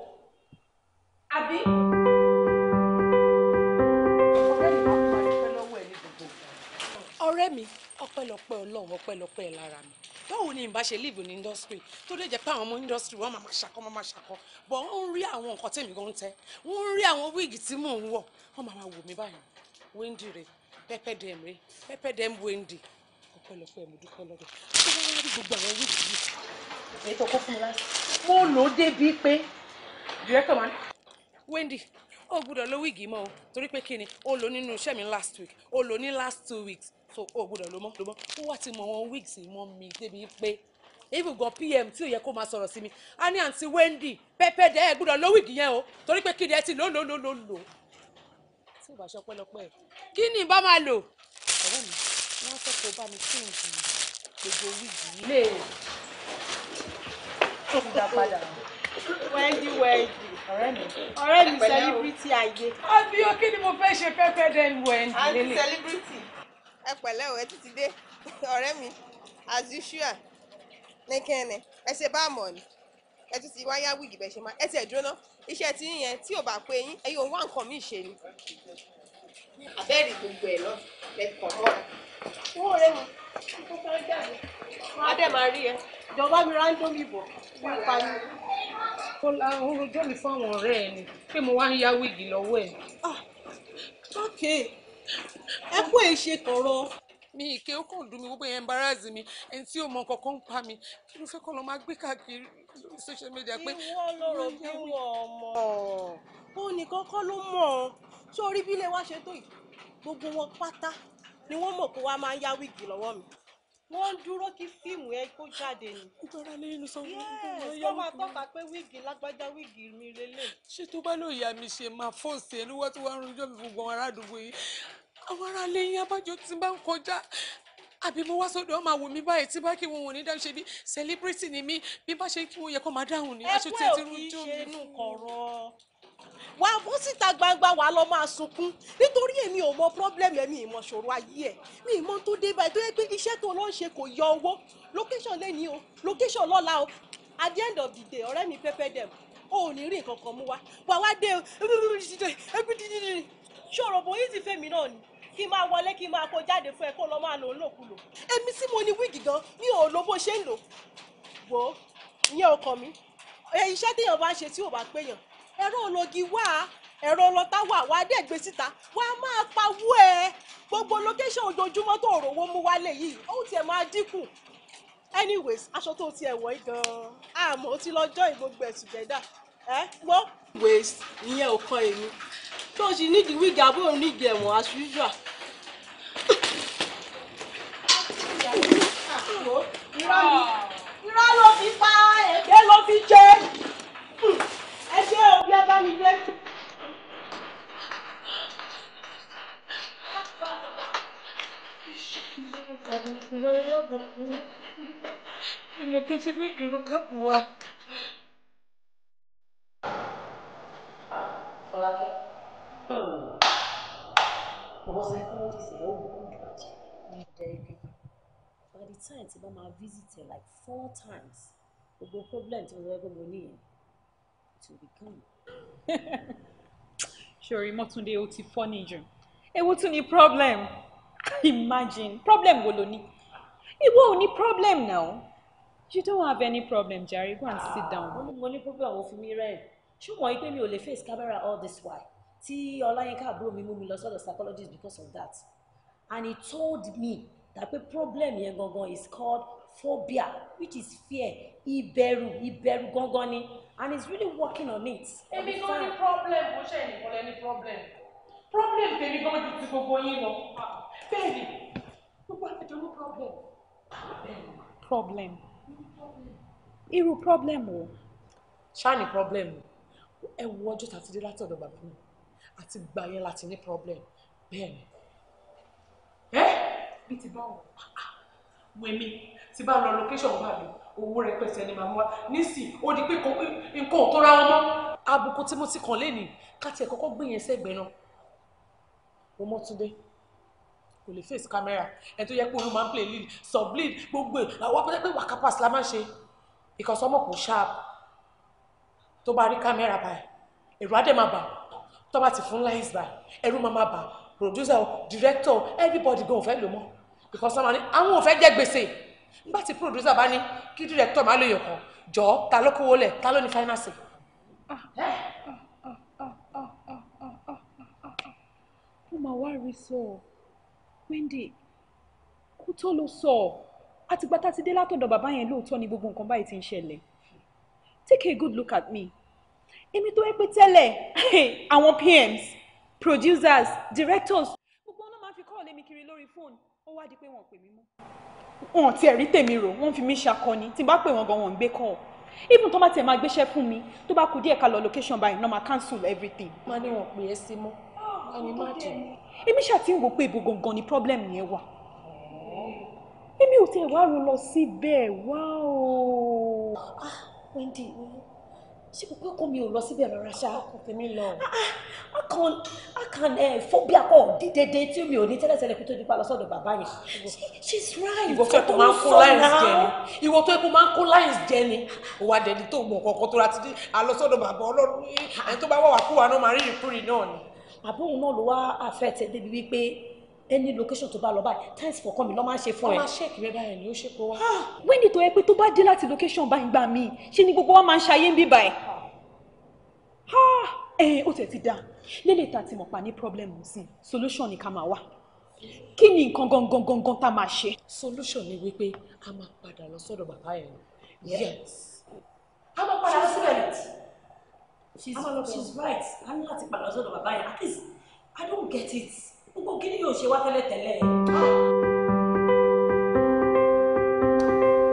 àbí. ọ̀rẹ́ mi ọpẹ́lọpẹ́ ọlọ́run ọpẹ́lọpẹ́ lára mi báwo ni ìbá ṣe live ní industry tó lè jẹ́ pé àwọn ọmọ industry wọn máa ṣàkọ máa ṣàkọ bọ̀ wọ́n ń rí àwọn nǹkan tèmi gan tẹ́ wọ́n ń rí àwọn wíìgì tí mò ń wọ̀ wọ́n máa wò mí báyìí Wendy rè pẹ́pẹ́ dẹ̀m rè pẹ́pẹ́ dẹ̀m Wendy dúpẹ́ lọ́pẹ́ mo dúpẹ́ lọ́dọ̀ tó bá wá rí gbogbo àwọn owó yìí èyí kó fún mi láti. mo lò ó débi pé director ma. Wendy ó gbúdọ̀ lo wíìgì mọ́ o torí pé kí ni ó lò nínú iṣẹ́ mi last week ó lò ní last two weeks so ó gbúdọ̀ lo mọ́ lo mọ́ ó wá ti mọ àwọn wíìgì mọ́ mi débi pé even gan pm tí ò yẹ kó máa sọ̀rọ̀ sí mi a ní àǹtí Wendy pẹ́pẹ́ dẹ́ ẹ gbúdọ̀ lo wíìgì yẹn o torí pé kí ni ẹ ti lò lò lò lò lò tí ò bá ṣọpẹ́ lọpẹ́ kí ni ìbá máa lò ọ̀rẹ́ mi wọ́n sọ pé ó bá mi change gbogbo wíìgì yìí. lè ti dá padà. wẹ́ndí wẹ́ndí. ọ̀rẹ́ mi ọ̀rẹ́ mi sẹ́líbírìtì ayé. àbí o kí ni mo fẹ́ ṣe pẹ́pẹ́ dẹ́nu wẹ́ndí lélẹ̀. àti sẹ́líbírìtì. ẹ pẹ̀lẹ́ o ẹ dé ọ̀rẹ́ mi as usual ní kẹ́ni ẹ ṣe bá mọ̀ ni ẹ tún ti wáyá wíìgì bẹ́ẹ̀ ṣe máa ẹ ti ẹ̀ dúró náà iṣẹ́ tí yín yẹn tí ò bá pé yín ẹ yóò wá nǹkan míì ṣe ni. abẹ́rì gbogbo ẹ̀ lọ lẹ́kọ̀ọ́ owó mi kó fẹ́ ọ̀rẹ́ ẹ ni pé mo wá ń yá wíìgì lọ́wọ́ ẹ̀. Ah, okay ẹ kú èyí ṣe tọrọ mi ìké ó kàn dùn mí gbogbo yẹn embarrass mi ẹni tí ò mọ kankan ń pa mi kí ló fẹ́ kọ́ lọ máa gbé káàkiri lórí social media pé. ìwọ lọrọ bí wọn mọ ó nìkan kọ́ ló mọ̀ ọ́ sórí bí ilé wa ṣe tó yìí gbogbo wọn pátá ni wọ́n mọ̀ pé wá máa ń yá wíìgì lọ́wọ́ mi wọ́n ń dúró kí fíìmù ẹ kó jáde ni. ìjọra lè nu sanwó ìgbọ̀nmọ́ yá wíìgì. wọ́n máa tọ́ka pé wíìgì lágbájá wíìgì mi lélẹ̀. ṣé tó bá lóye àmì ṣe máa fóònù sí ẹni wọ́n ti wá ń rojọ́ mi gbogbo àwọn aládùúgbò yìí àwọn ará ilé yín abájọ ti bá ń kọjá àbí mo wá sọ́dọ̀ ọmọ àwò mi báyìí tí bá kí wọn ò ní dáhùn ṣe bí celebrity ni mí bí bá ṣe kí wọn yẹ kó máa dáhùn ni aṣọ tí ẹ ti rú jó mi. ẹgbẹ́ òkì ṣe inú kọ̀rọ̀ wà á bọ́ síta gbangba wà á lọ máa sunkún nítorí èmi ò mọ pírọ́blẹ́mù èmi ìmọ̀ ṣòro ayé ẹ̀ mi ìmọ̀ tó dé báyìí tó yẹ pé iṣẹ́ tó lọ́ọ́ ṣe kò yọ owó location lẹ́ni o location lọ́la o at the end of the day ọ̀rẹ́ mi pẹ́pẹ́ dẹ̀ o ò ní rí nǹkan kan mú wa wà wá dé o ṣòro bó yìí ti fẹ́mi náà ni kí máa wọlé kí máa kó jáde fún ẹ kó lọ máa lò ó lòkulò èmi tí mo ní wíìgì gan mi ò lo bó ṣe ń lò wò ó ìyẹn ọkàn mi iṣẹ́ téèyàn bá ṣe tí ò bá péyàn ẹ̀rọ ológi wà ẹ̀rọ ọlọ́tà wà wà á dẹ̀ síta wà máa pawó ẹ gbogbo location ojoojúmọ́ tó òrówó mú wálé yìí ó tiẹ̀ máa dínkù anyways aṣọ tó tiẹ̀ wọ̀ yìí gan-an àmọ́ ó ti lọ jọ́ ìgbógbó ẹ̀sùn jẹ́dá ẹ gbọ́. anyways ìyẹn ò kan èmi tó ṣì nídìí wíìgì àbúrò nídìí ẹ̀wọ̀n as usual. irọ́ ló fi pa ẹ̀gbẹ́ ló fi jẹ́. kapuwa Unaketi vitu kapuwa Olake Mwosa kama By the time ti ba ma like four times Gbogbo problem ti mo fẹ́ gbogbo ní yẹn It will be gone Ṣorí Mọ́túndé ó ti fọ́ níjù. Ewu tún ni problem. Imagine problem wo lo ìwọ ò ní problem now you don't have any problem Jerry. go and sit down. Ah, mo ní problem wo fi mi rẹ̀ ṣùgbọ́n ipe mi ò lè face camera all this while tí ọláyínká àbúrò mi mú mi lọ sọ́dọ̀ psychologist because of that and he told me that pe problem yẹn gangan is called phobia which is fear ìbẹ̀rù ìbẹ̀rù gangan ni and he's really working on it. èmi gan ni problem mo ṣe ìnìkan lẹ ní problem problem tèmi gan ju ti gbogbo yín lọ ah, bẹ́ẹ̀ni gbogbo àjọ problem problem irú problem o ṣáà problem o ẹ wo ọjọ́ tá dé láti ọ̀dọ̀ bàbá mi àti gbà yẹn láti ní problem bẹ́ẹ̀ ni ẹ́ bí ti bá wọ̀ wẹ̀mí ti bá lọ location bá mi owó rẹpẹtẹ ni màmú wa nísì ó di pé nǹkan ò tó ra wọn mọ́ àbùkù tí mo ti kàn lé ní ká tiẹ̀ kọ́kọ́ gbìyànjú ẹgbẹ́ náà mo mọ́ Túndé kò lè face camera ẹ tó yẹ pé olú play lead sub lead gbogbo ẹ àwọn apẹ́tẹ́ pé wakapas la máa ń ṣe because ọmọ kò sharp tó bá rí camera báyìí ẹ̀rù adé máa bà tó bá ti fún lines báyìí ẹ̀rù máa máa bà producer director everybody go ò fẹ́ lò mọ́ because ọmọ ni àwọn ò fẹ́ jẹ́ gbèsè nígbà tí producer bá ní kí director máa lè yọ̀ kàn jọ ta ló kówó lẹ̀ ta ló ní finance. ó máa wá rí sọ Wendy kó tó ló sọ àtìgbà tá a ti dé látọ̀dọ̀ bàbá yẹn lóòótọ́ ni gbogbo nǹkan báyìí ti ń ṣẹlẹ̀ take a good look at me èmi tó yẹ pé tẹ́lẹ̀ àwọn PMs producers directors gbogbo ọ̀nà máa fi kọ́ ọ̀lẹ́mi kiri lórí fóònù ó wá di pé wọ́n pè mí mọ́ wọn ti ẹ̀rí tèmi rò wọ́n fi mí ṣakọni tí n bá pè wọ́n gan wọ́n ń gbé kọ́ even tó bá tiẹ̀ máa gbéṣẹ́ fún mi tó bá kù díẹ̀ ká lọ location báyìí náà máa cancel everything. máa ní wọn pè é sí ẹni má jẹ́ èmi ṣàti ń wò pé ibo gangan ni problem yẹn wà èmi ò tẹ̀ wá ro lọ síbẹ̀ wá o. Ah, Wendy ṣé kò pé kó mi ò lọ síbẹ̀ rárá ṣá. ọkọ tèmi lọ. Ah, ah, eh, a kan a kan phobia kọ dédédé tí mi ò ní tẹ́lẹ̀tẹ́lẹ̀ kó tó di pa lọ sọ́dọ̀ bàbá yẹn. she's right. ìwọ tó kó máa ń kó lines jẹ ni ìwọ tó kó máa ń kó lines jẹ ni òwà dẹni tó mọ kọkọ tó ra ti di àlọ sọ́dọ̀ bàbá Ọlọ́run ẹni tó bá wà wà kú wa náà máa rí ìkúrì náà ni àbóhùn náà ló wá àfẹ́tẹ̀ débi wípé any location tó bá lọ báyìí thanks for coming lọ́ máa ń ṣe fún ẹ. wọ́n máa ṣe báyìí ni ó ṣe kó wá. wíńdì tó yẹ pé tó bá dé láti location báyìí gbà mí ṣé ni gbogbo wa máa ń ṣayé ń bí báyìí. Ah, ẹ ó tẹ̀ ti dáa lélẹ̀ ta ti mọ̀ pa ní problem sí solution ni ká máa wà kí ni nǹkan gangan gangan tá a máa ṣe. solution ni wípé a máa padà lọ sọ́dọ̀ bàbá yẹn yes. a máa padà lọ síbẹ̀ she's she's right I'm not láti padà sọ́dọ̀ bàbá yẹn at least i don't get it gbogbo kí ni yóò ṣe wá tẹ́lẹ̀tẹ́lẹ̀.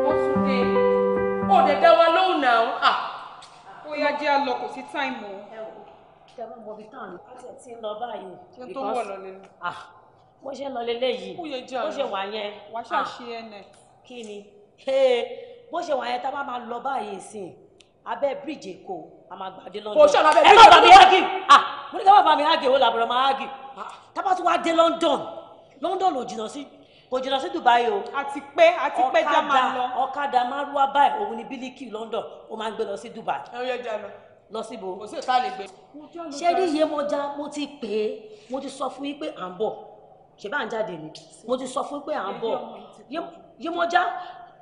wọ́n tún dé ó dẹ̀ dá wa lóhùn náà ah, ó yá jẹ́ àlọ́ kò sí táìmù o. ẹ wò ṣe máa mọ ibi táwọn olùkọ́ ti ń lọ báyìí. ṣé tó wọ̀ lọ lẹ́nu. Ah, bó ṣe ń lọ lélẹ́yìí bó ṣe wà yẹn. wàá ṣàṣe ah, ẹ̀ nẹ̀. kí ni bó ṣe wà yẹn tá a bá máa lọ báyìí sí abẹ́ bíríjì Èkó a máa gbàdé london. kò sọ̀rọ̀ bẹ́ẹ̀ mi ò bá mi hági. mo ní ká má bá mi hági o làbọ̀rọ̀ máa hági. tábà tún london london ò jìnnà sí kò jìnnà dubai o. àti pé àti pé já máa lọ. ọ̀kadà márùwá báyìí òun ni bílíkì london ó máa ń gbé lọ sí dubai. lọ lọ síbo. rí iye mo já mo ti pè é mo ti sọ fún yín pé à ń bọ̀ ṣe bá ń jáde ni mo ti sọ fún pé à ń bọ̀ yé mo já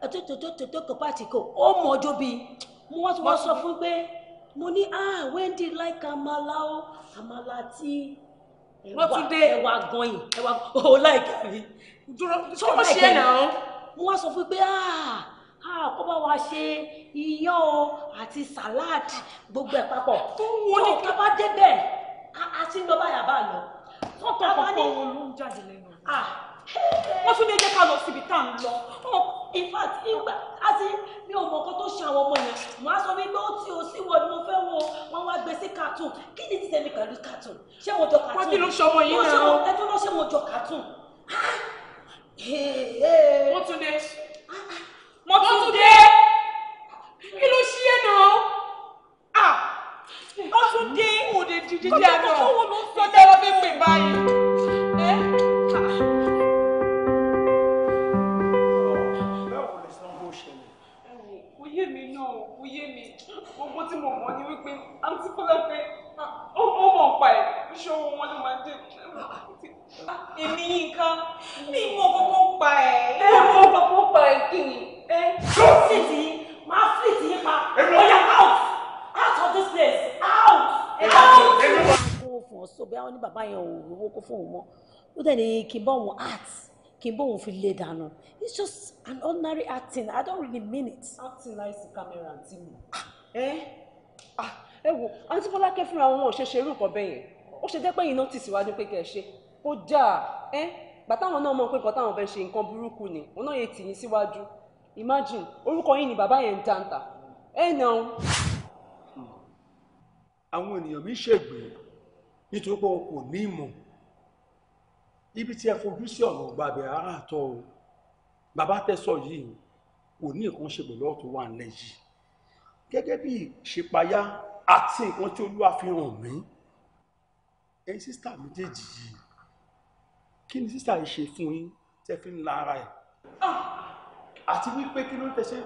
ètò ètò ètò ètò kò pàtìkò ó mọ̀ ọjọ́ bíi mo wá tún wá sọ fún pé mo ní ah Wendy like amala o amala tí ẹwà gọyìn ẹwà o like mi. dúró tí wọ́n ṣe é náà. mo wá sọ fún pé ah ah kó bá wa ṣe iyán o àti salad gbogbo ẹ̀ papọ̀. tó wọ́n ní ká bá débẹ̀ àti lọ báyà bá lọ. tọ́tọ̀ kọ̀ọ̀kan wo ló ń jáde lẹ́nu. Ah, wọ́n tún lè jẹ́ ká lọ síbi tá à ń lọ in fact ìgbà àti mi ò mọ nǹkan tó ṣe àwọn ọmọ yẹn mo á sọ wípé ó tí o sí wọ ni mo fẹ́ wo wọn wá gbé sí cartoon kí ni ti tẹ̀lé pẹ̀lú cartoon ṣé mo jọ cartoon wọ́n kí ló yìí náà ẹ tó lọ ṣe mo jọ cartoon. mo tún dé mo tún dé kí ló ṣí ẹ náà ó tún dé òde dídí àná lọ́jà lọ́ fi pè báyìí. èmi Yínká mi mọ kókó pa ẹ. ẹ mọ kókó pa ẹ kí ni. ẹ ṣó fìtì yín máa fìtì yín pa ọyà out out of this place out out. kó o fún ọ sóbi àwọn ní bàbá yẹn ò rówó kó fún òun mọ ó dẹ̀ ní kí n bọ́ òun art kí n bóun fi lè dànù it's just an ordinary acting i don't really mean it. acting láìsí kámẹ́rà àǹtí mi. ẹ wo àǹtí Fọlákẹ́ fúnra wọn ò ṣe ṣerú nǹkan bẹ́ẹ̀ yẹn ó ṣe jẹ́ pé yìí náà tì síwájú pé kẹ́ ẹ ṣe ó jà ẹ́ gbàtàwọn náà mọ̀ pé nǹkan táwọn fẹ́ ṣe nǹkan burúkú ni òun náà yẹ tì yín síwájú imagine orúkọ yín ni bàbá yẹn ń jàǹtà ẹ nà. àwọn ènìyàn mi ṣègbè nítorí pé wọn kò ní ìmọ̀ ibi tí ẹ fojú sí ọ̀nà gbàgbé ara àtọ̀ o bàbá tẹ́sọ̀ yìí kò ní nǹkan ṣe pẹ̀lú ọ̀tún wà nílẹ̀ yìí gẹ́gẹ́ bí ìṣípayá àti nǹkan tí olúwa fi hàn mí ẹ̀yin sísítà méjèèjì yìí kí ni sísà ṣe fún yín tẹ́ fi ń la ara ẹ̀ ah! àti wípé kí ló ń tẹ̀sẹ̀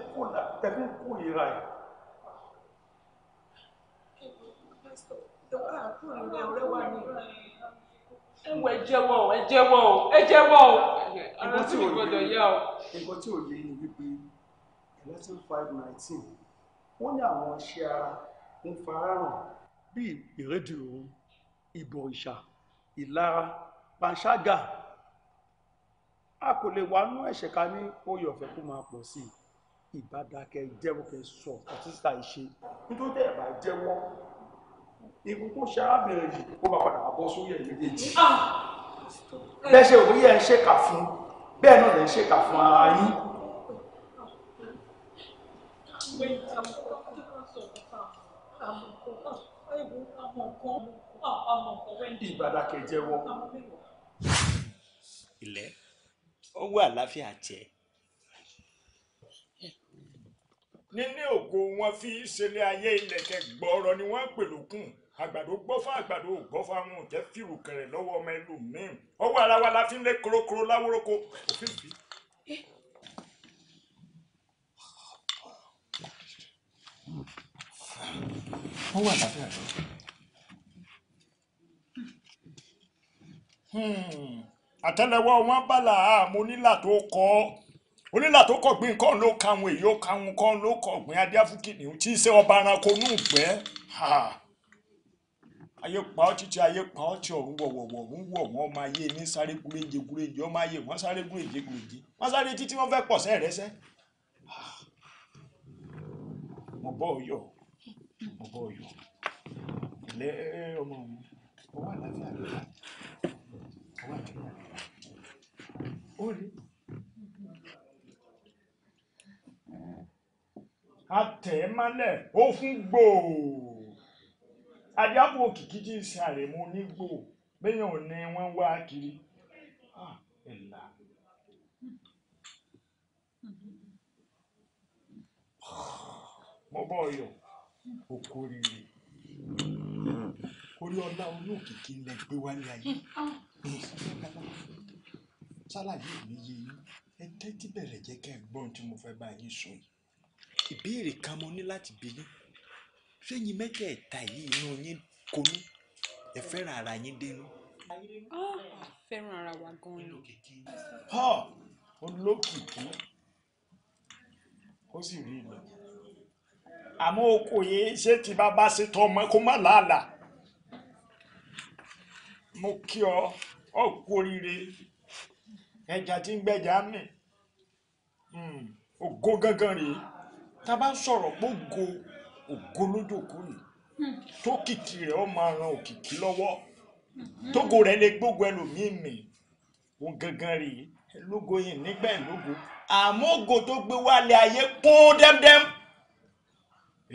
tẹ̀fún kú ìra ẹ̀. ẹwọ ẹ jẹ́wọ́ ẹ jẹ́wọ́ ẹ jẹ́wọ́ ara tí mi gbọ́dọ̀ yá o. nǹkan tí ò yé ni wípé eleven five nineteen wọ́n ní àwọn iṣẹ́ ara ń farahàn bíi ìrédìí òun ìbọ̀rìṣà ìlara panṣágà a kò lè wà nú ẹ̀ṣẹ̀ ká ní oyè ọ̀fẹ́ kó máa pọ̀ sí ìbádakẹ́ jẹ́wọ́ kẹ́ sọ àtúntà ìṣe nítorí tẹ́ ẹ̀bà jẹ́wọ́ ikú tó ṣe arábìnrin yìí ó bá padà bọ́ sórí ẹ̀ méjèèjì ah! bẹ́ẹ̀ ṣe òwúyẹ ń ṣèkà fún bẹ́ẹ̀ náà lè ń ṣèkà fún ara yín ìbádakẹ́ jẹ́wọ́ ilẹ̀ ọwọ́ àlàáfíà tiẹ̀. níní ògo wọn fi ṣẹlẹ̀ ayé ilẹ̀kẹ̀ gbọ́ọ̀rọ̀ ni wọ́n pè lókun àgbàdo gbọ́fà àgbàdo gbọ́fà wọn ò jẹ́ fìrù kẹrẹ̀ lọ́wọ́ ọmọ ẹlòmíín ọwọ́ ara wa la fi ń lé korokoro láwóróko òfin àtẹ́lẹwọ́ wọn bàlà àmọ́ onílà tó kọ́ onílà tó kọ̀ gbìn kọ́ ló ka àwọn èyí ó ka àwọn kọ́ ló kọ̀ gbìn adéáfúkìnì tí í ṣe ọba aranko ní ha. ayé pa ọ́ títí ayé pa ọ́ tí ọ̀run wọ̀wọ̀wọ̀ ń wọ̀ wọ́n máa yé ní sáré gúréje gúréje ọmọ ayé wọ́n sáré gúréje gúréje wọ́n sáré títí wọ́n fẹ́ pọ̀ sẹ́ẹ̀rẹ́sẹ́ mo bọ́ ọyọ mo bọ́ ọyọ ilé ọmọ mi ọwọ́ àlàáfíà ló wà ọwọ́ àlàáfíà ló wà. Ore atẹ̀ẹ́málẹ̀ ó fún gbòò ajábò òkìkí tí ń ṣe àrẹ̀mọ onígbò bẹ́yàn ò ní wọ́n wá kiri ẹ̀là. mo bọ́ ọyọ̀ òkú rírì orí ọlá olókìkí lẹ gbé wálé ayé. Ah, ah ṣàlàyé mi yé yín ẹ tẹ́tí bẹ̀rẹ̀ jẹ́ kẹ́ ẹ gbọ́n tí mo fẹ́ bá yín sọ yìí ìbéèrè kan mo ní láti bi yín ṣé yín mẹ́tẹ̀ẹ̀ta yìí inú yín konú ẹ fẹ́ràn ara yín dénú. Ah, fẹ́ràn ara wa gan-an ni. ọ olókìkí ó sì rí ilẹ̀ àmọ́ oko yìí ṣé tí bàbá ṣe tọ́ ọmọ kó má làálàá mo kí ọ ọ kú oríire ẹja tí ń gbẹja mì hmm, ògo gangan rèé tá a bá ń sọ̀rọ̀ pé ògo ògo lójókòó rèé hmm. tókìkì rẹ̀ ó máa ran òkìkí lọ́wọ́ tógo rẹ̀ lè gbógun ẹlòmíì mì òun gangan rèé lógo yìí nígbà ìlógo àmọ́ ògo tó gbé wálé ayé kún dẹ́mdẹ́m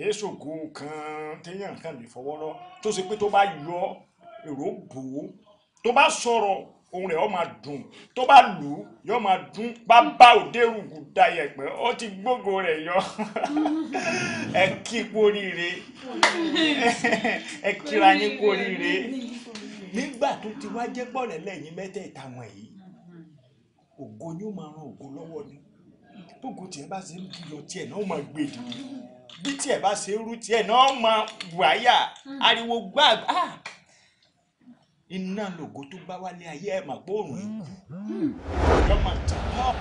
èso ògo kan téèyàn kan lè fọwọ́ lọ tó ṣe pé tó bá yọ èrò bò ó tó bá sọ̀rọ̀ ohun rẹ̀ ó máa dùn tó bá lù ú yóò máa dún bá bá òdèrúgù da yẹ̀pẹ̀ ó ti gbógo rẹ̀ yọ ẹ kí kú oríire ẹ kíra yín kú oríire nígbà tó ti wá jẹ́ pọ̀rẹ́ lẹ́yìn mẹ́tẹ̀ẹ̀ta wọ̀nyí ògo ni ó máa ran ògo lọ́wọ́ ni bógo tiẹ̀ bá ṣe ń yọ tiẹ̀ náà ó máa gbé bí tiẹ̀ bá ṣe ń rú tiẹ̀ náà ó máa wáyà ariwo gbáà iná lògo tó bá wálé ayé ẹ̀ mà gbóòrùn yìí lọ́mọ tàn án.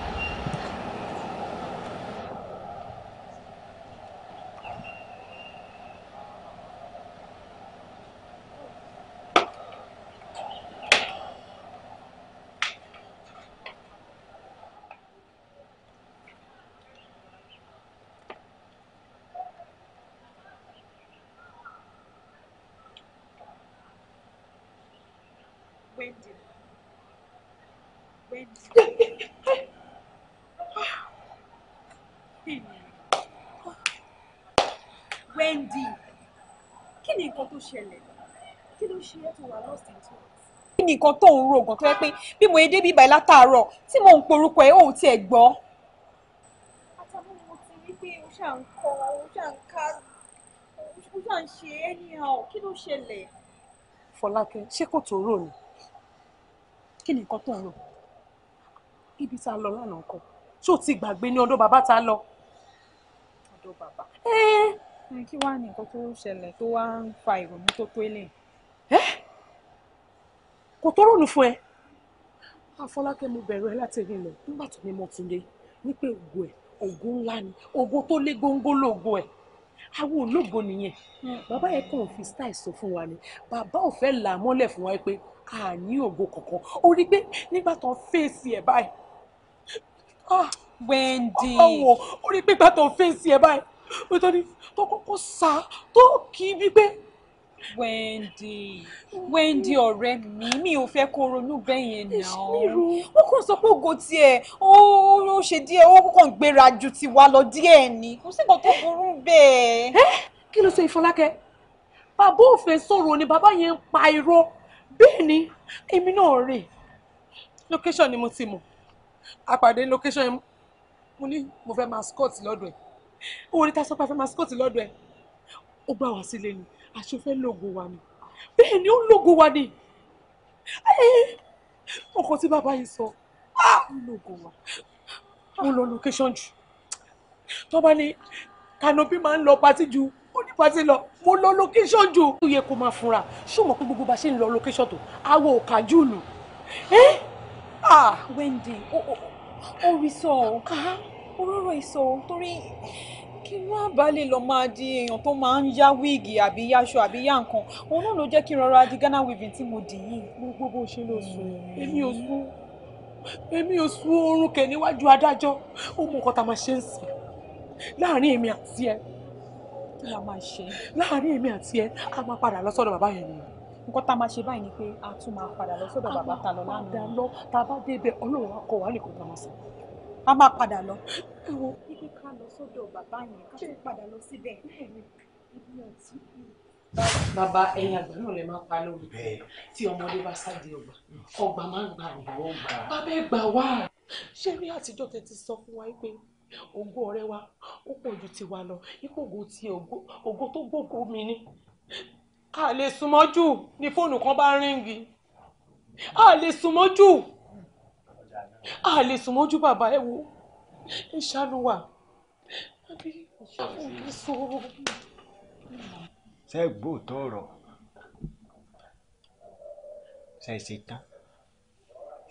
tó ṣẹlẹ̀ kí ló ṣe é tó wà lost in thought. kí ni tó ń ro gan tó yẹ pé bí mo yé débi ìbàyí látàárọ̀ tí mò ń porúkọ ẹ̀ ò tiẹ̀ gbọ́. àtàwọn mo ti rí pé o ṣà ń kọ o ṣà ń ká o ṣà ń ṣe é ní ọ kí ló ṣẹlẹ̀. Fọlákẹ́ ṣé kò tó rò ni kí ni tó ń rò ibi tá a lọ lánàá kan tó ti gbàgbé ní ọ̀dọ̀ bàbá tá a lọ ọ̀dọ̀ bàbá. ẹ ẹ kí wàá ní nǹkan tó ṣẹlẹ̀ tó wá ń fa ìrònú tó tó eléyìí. ẹ kò tó rònú fún ẹ. afọlákẹ́ mo bẹ̀rù ẹ láti rìn lọ nígbà tó ní mo tún dé ní pé ògo ẹ ògo ńlá ni ògo tó lé góńgó lógo ẹ àwọn ológo nìyẹn hmm. bàbá yẹn kàn fi style sọ fún wa ni bàbá ò fẹ́ là á mọ́lẹ̀ fún wa pé a ní ògo kankan ó rí pé nígbà tó ń fèsì ẹ̀ báyìí. Ah, Wendy ọwọ́ ó rí pé nígbà tó ń fèsì ẹ̀ báyìí wẹ́tọ́ ni tó kọ́kọ́ sá tó kì í Wendy Wendy ọ̀rẹ́ mi mi ò fẹ́ kó ronú bẹ́yẹn náà wọ́n kàn sọ pé ògo tiẹ̀ ó ṣe díẹ̀ ó kàn gbéra ju tiwa lọ díẹ̀ ni kò sí nǹkan tó burú bẹ́ẹ̀. kí ló ṣe ìfọlákẹ́ bàbá òfin sọ̀rọ̀ ni bàbá yẹn ń pa irọ́ bẹ́ẹ̀ ni èmi náà rè location ni mo ti mọ̀ àpàdé location yẹn mo ní mo fẹ́ mascot lọ́dọ̀ ẹ̀ owó ní tásán pàfẹ́ mascot lọ́dọ̀ ẹ̀ ó gbà wá sílé ni àṣefẹ́ lògùn wa ni bẹ́ẹ̀ ni ó lògùn wa ni ọkọ tí bàbá yìí sọ ó lògùn wa ó lọ location jù tó bá ní kanopi máa ń lọ patí ju ó ní patí lọ mo lọ location jù. ó yẹ kó máa funra ṣó mọ̀ pé gbogbo bá ṣe ń lọ location tó awo òkà jù nù. ah Wendy ó rí sọ ọ́ oróró ìṣòro torí kí wọ́n á bá lè lọ máa di èèyàn tó máa ń yá wíìgì àbí yáṣọ àbí yá nǹkan òun náà ló jẹ́ kí n rọra di Ghana weaving tí mo dì yìí gbogbo bó ṣe lò sùn èmi ò sùn èmi ò sùn oorun kẹ̀ níwájú adájọ́ ó mọ nǹkan tá a máa ṣe ń sìn láàárín èmi àti ẹ a máa ṣe láàárín èmi àti ẹ a máa padà lọ sọ́dọ̀ bàbá yẹn ni nǹkan tá a máa ṣe báyìí ni pé a tún máa padà lọ sọ́dọ̀ bàbá ta lọ lánàá. a máa padà lọ tá a bá débẹ̀ ọlọ́run á kọ wá nìkan tá a máa padà lọ. ẹ wo kíkẹ́ ká lọ sọ́dọ̀ bàbá yẹn ká tó padà lọ síbẹ̀ bàbá ẹ̀yin àgbà náà lè máa pa lórí tí ọmọdé bá sáde ọgbà ọgbà máa ń gba ọgbà ọgbà bàbá ẹ gbà wá. ṣé rí àtijọ́ tẹ ti sọ fún wa pé ògo ọ̀rẹ́ wa ó pọ̀ ju tiwa lọ ipò ògo ti ògo tó gbógo mi ni a lè súnmọ́ jù ni fóònù kan bá ń ríngì a lè súnmọ́ jù a lè sùn mọ́jú bàbá ẹ wo ẹ ṣàánú wa àbí òkè so. ṣe é gbóòótọ́ ọ̀rọ̀ ṣe é ṣe tán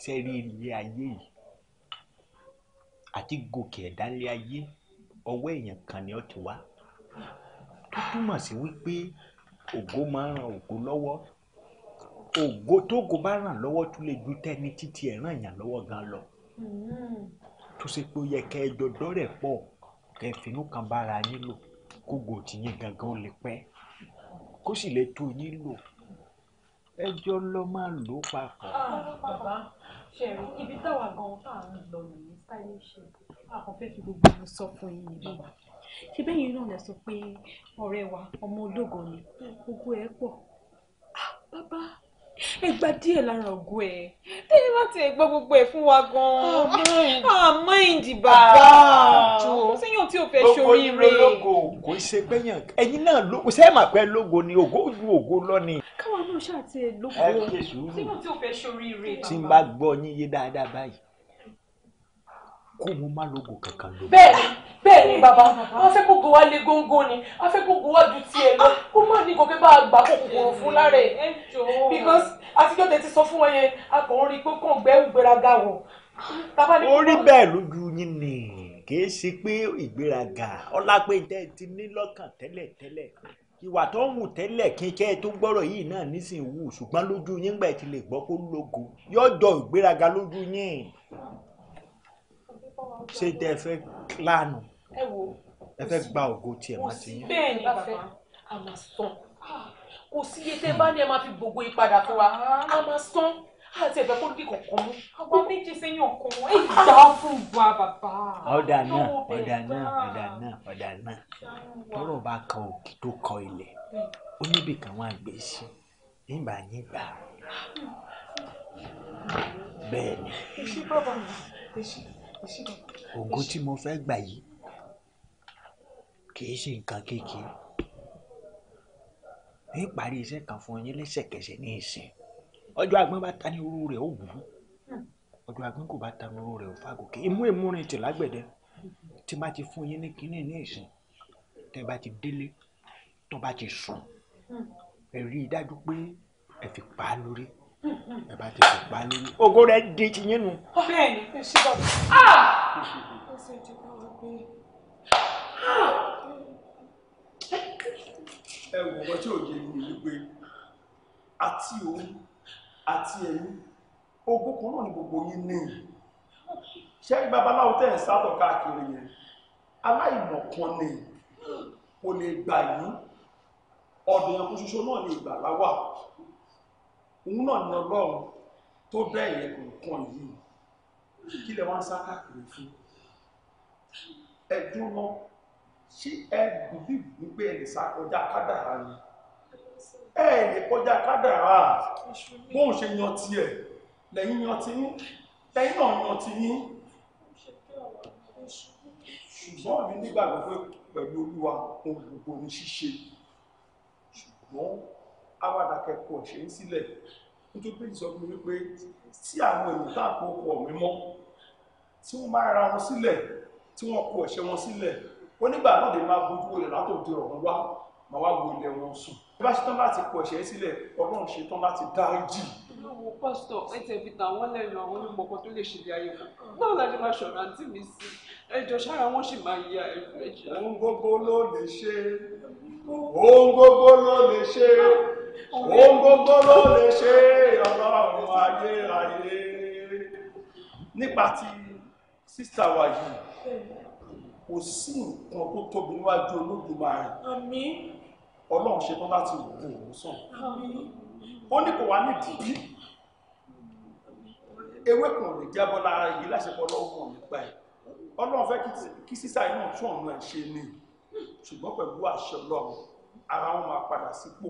ṣe rí ilé ayé yìí àti gòkè ẹ̀dálé ayé ọwọ́ èèyàn kan ni ó ti wá tó túmọ̀ sí wípé ògo máa ń ran ògo lọ́wọ́ ògo tógo bá ràn lọ́wọ́ tó lè ju tẹ́ni títí ẹ̀ ràn yàn lọ́wọ́ gan lọ hmm. tó ṣe pé ó yẹ kẹ́ ẹ jọdọ́ rẹ̀ pọ̀ kẹ́ ẹ finú kan bára yín lò kógo tìyín gangan ó lè pẹ́ kó sì lè tó yín lò ẹjọ́ lọ máa lò ó papọ̀. Ah, bàbá ṣẹ̀rí ibi táwa gan tá à ń lọ nìyí stylish àkànfẹ́ fi gbogbo mi sọ fún yín ní bàbá ṣe bẹ́yìn náà lẹ sọ pé ọ̀rẹ́ wa ọmọ ológo ni gbogbo ẹ̀ pọ̀ ah, bàbá ẹ gba díẹ̀ lára ògo ẹ tẹ́lẹ̀ bá ti gbọ́ gbogbo ẹ̀ fún wa gan-an àmọ́ ìdìbà sẹ́yìn tí o fẹ́ ṣoríire. lógo kò ṣe gbẹ̀yàn ẹ̀yin náà lógo ṣé ẹ máa pẹ́ lógo ni ògo ju ògo lọ ni. káwọn náà ṣáà ti lógo sẹ́yìn tí o fẹ́ ṣoríire. tí n bá gbọ́ yín yé dáadáa báyìí kó wọn má lógo kankan lógo. bẹ́ẹ̀ bẹ́ẹ̀ ni bàbá a fẹ́ kó gbọ́ lé góńgó ni a fẹ́ kó gbọ́ ju tiẹ̀ lọ kó má ní gòkè bá a gbà kó fún lára ẹ̀ because àtijọ́ tẹ ti sọ fún wọn yẹn a kàn rí i pé kàn gbẹ́wù gbéraga wọ̀. ó rí bẹ́ẹ̀ lójú yín ni kì í ṣe pé ìgbéraga ọlápẹ̀jẹ́ ti ní lọ́kàn tẹ́lẹ̀ tẹ́lẹ̀ ìwà tó ń wù tẹ́lẹ̀ kí n kẹ́ tó gbọ́rọ̀ yìí náà nísìnyí wù ṣùgbọ́n lójú yín gbà ẹ̀ ti lè gbọ́ kó lógo yóò ìgbéraga lójú yín ṣé tẹ ẹ fẹ́ kílànù ẹ fẹ́ gba ògo tiẹ̀ má ti yín. bẹ́ẹ̀ ni bàbá a máa san kò sí iye tẹ bá ní ẹ máa fi gbogbo ìpadà fún wa a máa san àti ẹ̀fẹ́ kó dìkọ̀ kan mú. àwa méje sẹ́yìn ọkàn wọn èyí gbà á fún wa bàbá. ọ̀dà náà ọ̀dà náà ọ̀dà náà ọ̀dà náà tọ́rọ̀ bá kan òkè tó kọ ilẹ̀ ó níbì kan wọn àgbẹ̀ sí nígbà nígbà bẹ́ẹ̀ ni. èsì bàbá mi èsì ògo tí mo fẹ́ gbà yìí kì í ṣe nǹkan kékeré ní ìparí iṣẹ́ kan fún yín lẹ́sẹ̀kẹsẹ̀ ní ìsìn ọjọ́ agbọ́n bá ta ní oró rẹ̀ ó wù ú ọjọ́ agbọ́n kò bá ta ní oró rẹ̀ ó fagòkè imú ìmúrin tì lágbẹ̀dẹ tí bá ti fún yín ní kínní ní ìsìn tẹ́ bá ti délé tó bá ti sùn ẹ dájú pé ẹ fi pa á lórí ẹ bá tètè pa á lórí. ògo rẹ di ti yín nu. bẹ́ẹ̀ni ẹ ṣe bọ. ẹ wò wọ́n tí òye mi ni pé àti òun àti ẹ̀yìn ogún kan náà ni gbogbo yín ní ṣé babaláwo tẹ̀ ń sátọ̀ káàkiri yẹn aláìmọ̀kan ni kò lè gbà yín ọ̀dọ̀ yẹn kó ṣoṣo náà lè gbà láwà òun náà ni ọlọ́run tó dá ẹ̀yẹ kọ̀ọ̀kan yìí kí lè wọ́n sá káàkiri fún ẹ̀dùn wọn ṣé ẹ bìlíìfù wípé ẹ lè sá kọjá kádàrá ni ẹ lè kọjá kádàrá bóun ṣe yan tiẹ̀ lẹ́yìn yan ti yín lẹ́yìn náà yan ti yín ṣùgbọ́n mi nígbàgbọ́ pé pẹ̀lú olúwa ohun gbogbo ní ṣíṣe ṣùgbọ́n awádàkẹ́ kò ṣe ń sílẹ̀ nítorí pé sọ fún mi wípé tí àwọn èèyàn tá àpò ọkọ̀ mímọ́ tí wọ́n bá ra wọn sílẹ̀ tí wọ́n kó ẹ̀ṣẹ̀ wọn sílẹ̀ ó nígbà náà lè máa bójú olè látòdì ọ̀hún wá máa wá wo ilẹ̀ wọn sùn bí bá ṣetán láti kó ẹ̀ṣẹ̀ sílẹ̀ ọlọ́run ṣetán láti dáríjì. olówó pásítọ̀ ẹ tẹ fi tà wọ́n lẹ́nu àwọn onímọ̀kan tó lè ṣe ilé ayé kan báwo la ṣe máa ṣọ̀rọ̀ àǹtí mi sí ẹjọ́ sára wọn sì máa ya ẹ̀fọ́ ẹ̀jẹ̀. ohun gbogbo ló lè ṣe ohun gbogbo ló lè ṣe ohun gbogbo ló lè ṣe ọlọ́run ayé ayé nípa ti sísà wa yìí kò sí nǹkan tó tóbi níwájú olódùmarè ọlọ́run ṣetán láti wò ó sàn ó ní kò wá ní dìbí ewé kan lè jábọ́ lára yìí láṣepọ̀ ọlọ́run nípa ẹ̀ ọlọ́run fẹ́ kí sísà yìí náà tún ọ̀nà ẹ̀ ṣe ni ṣùgbọ́n pẹ̀lú àṣẹ ọlọ́run ara wọn máa padà sípò.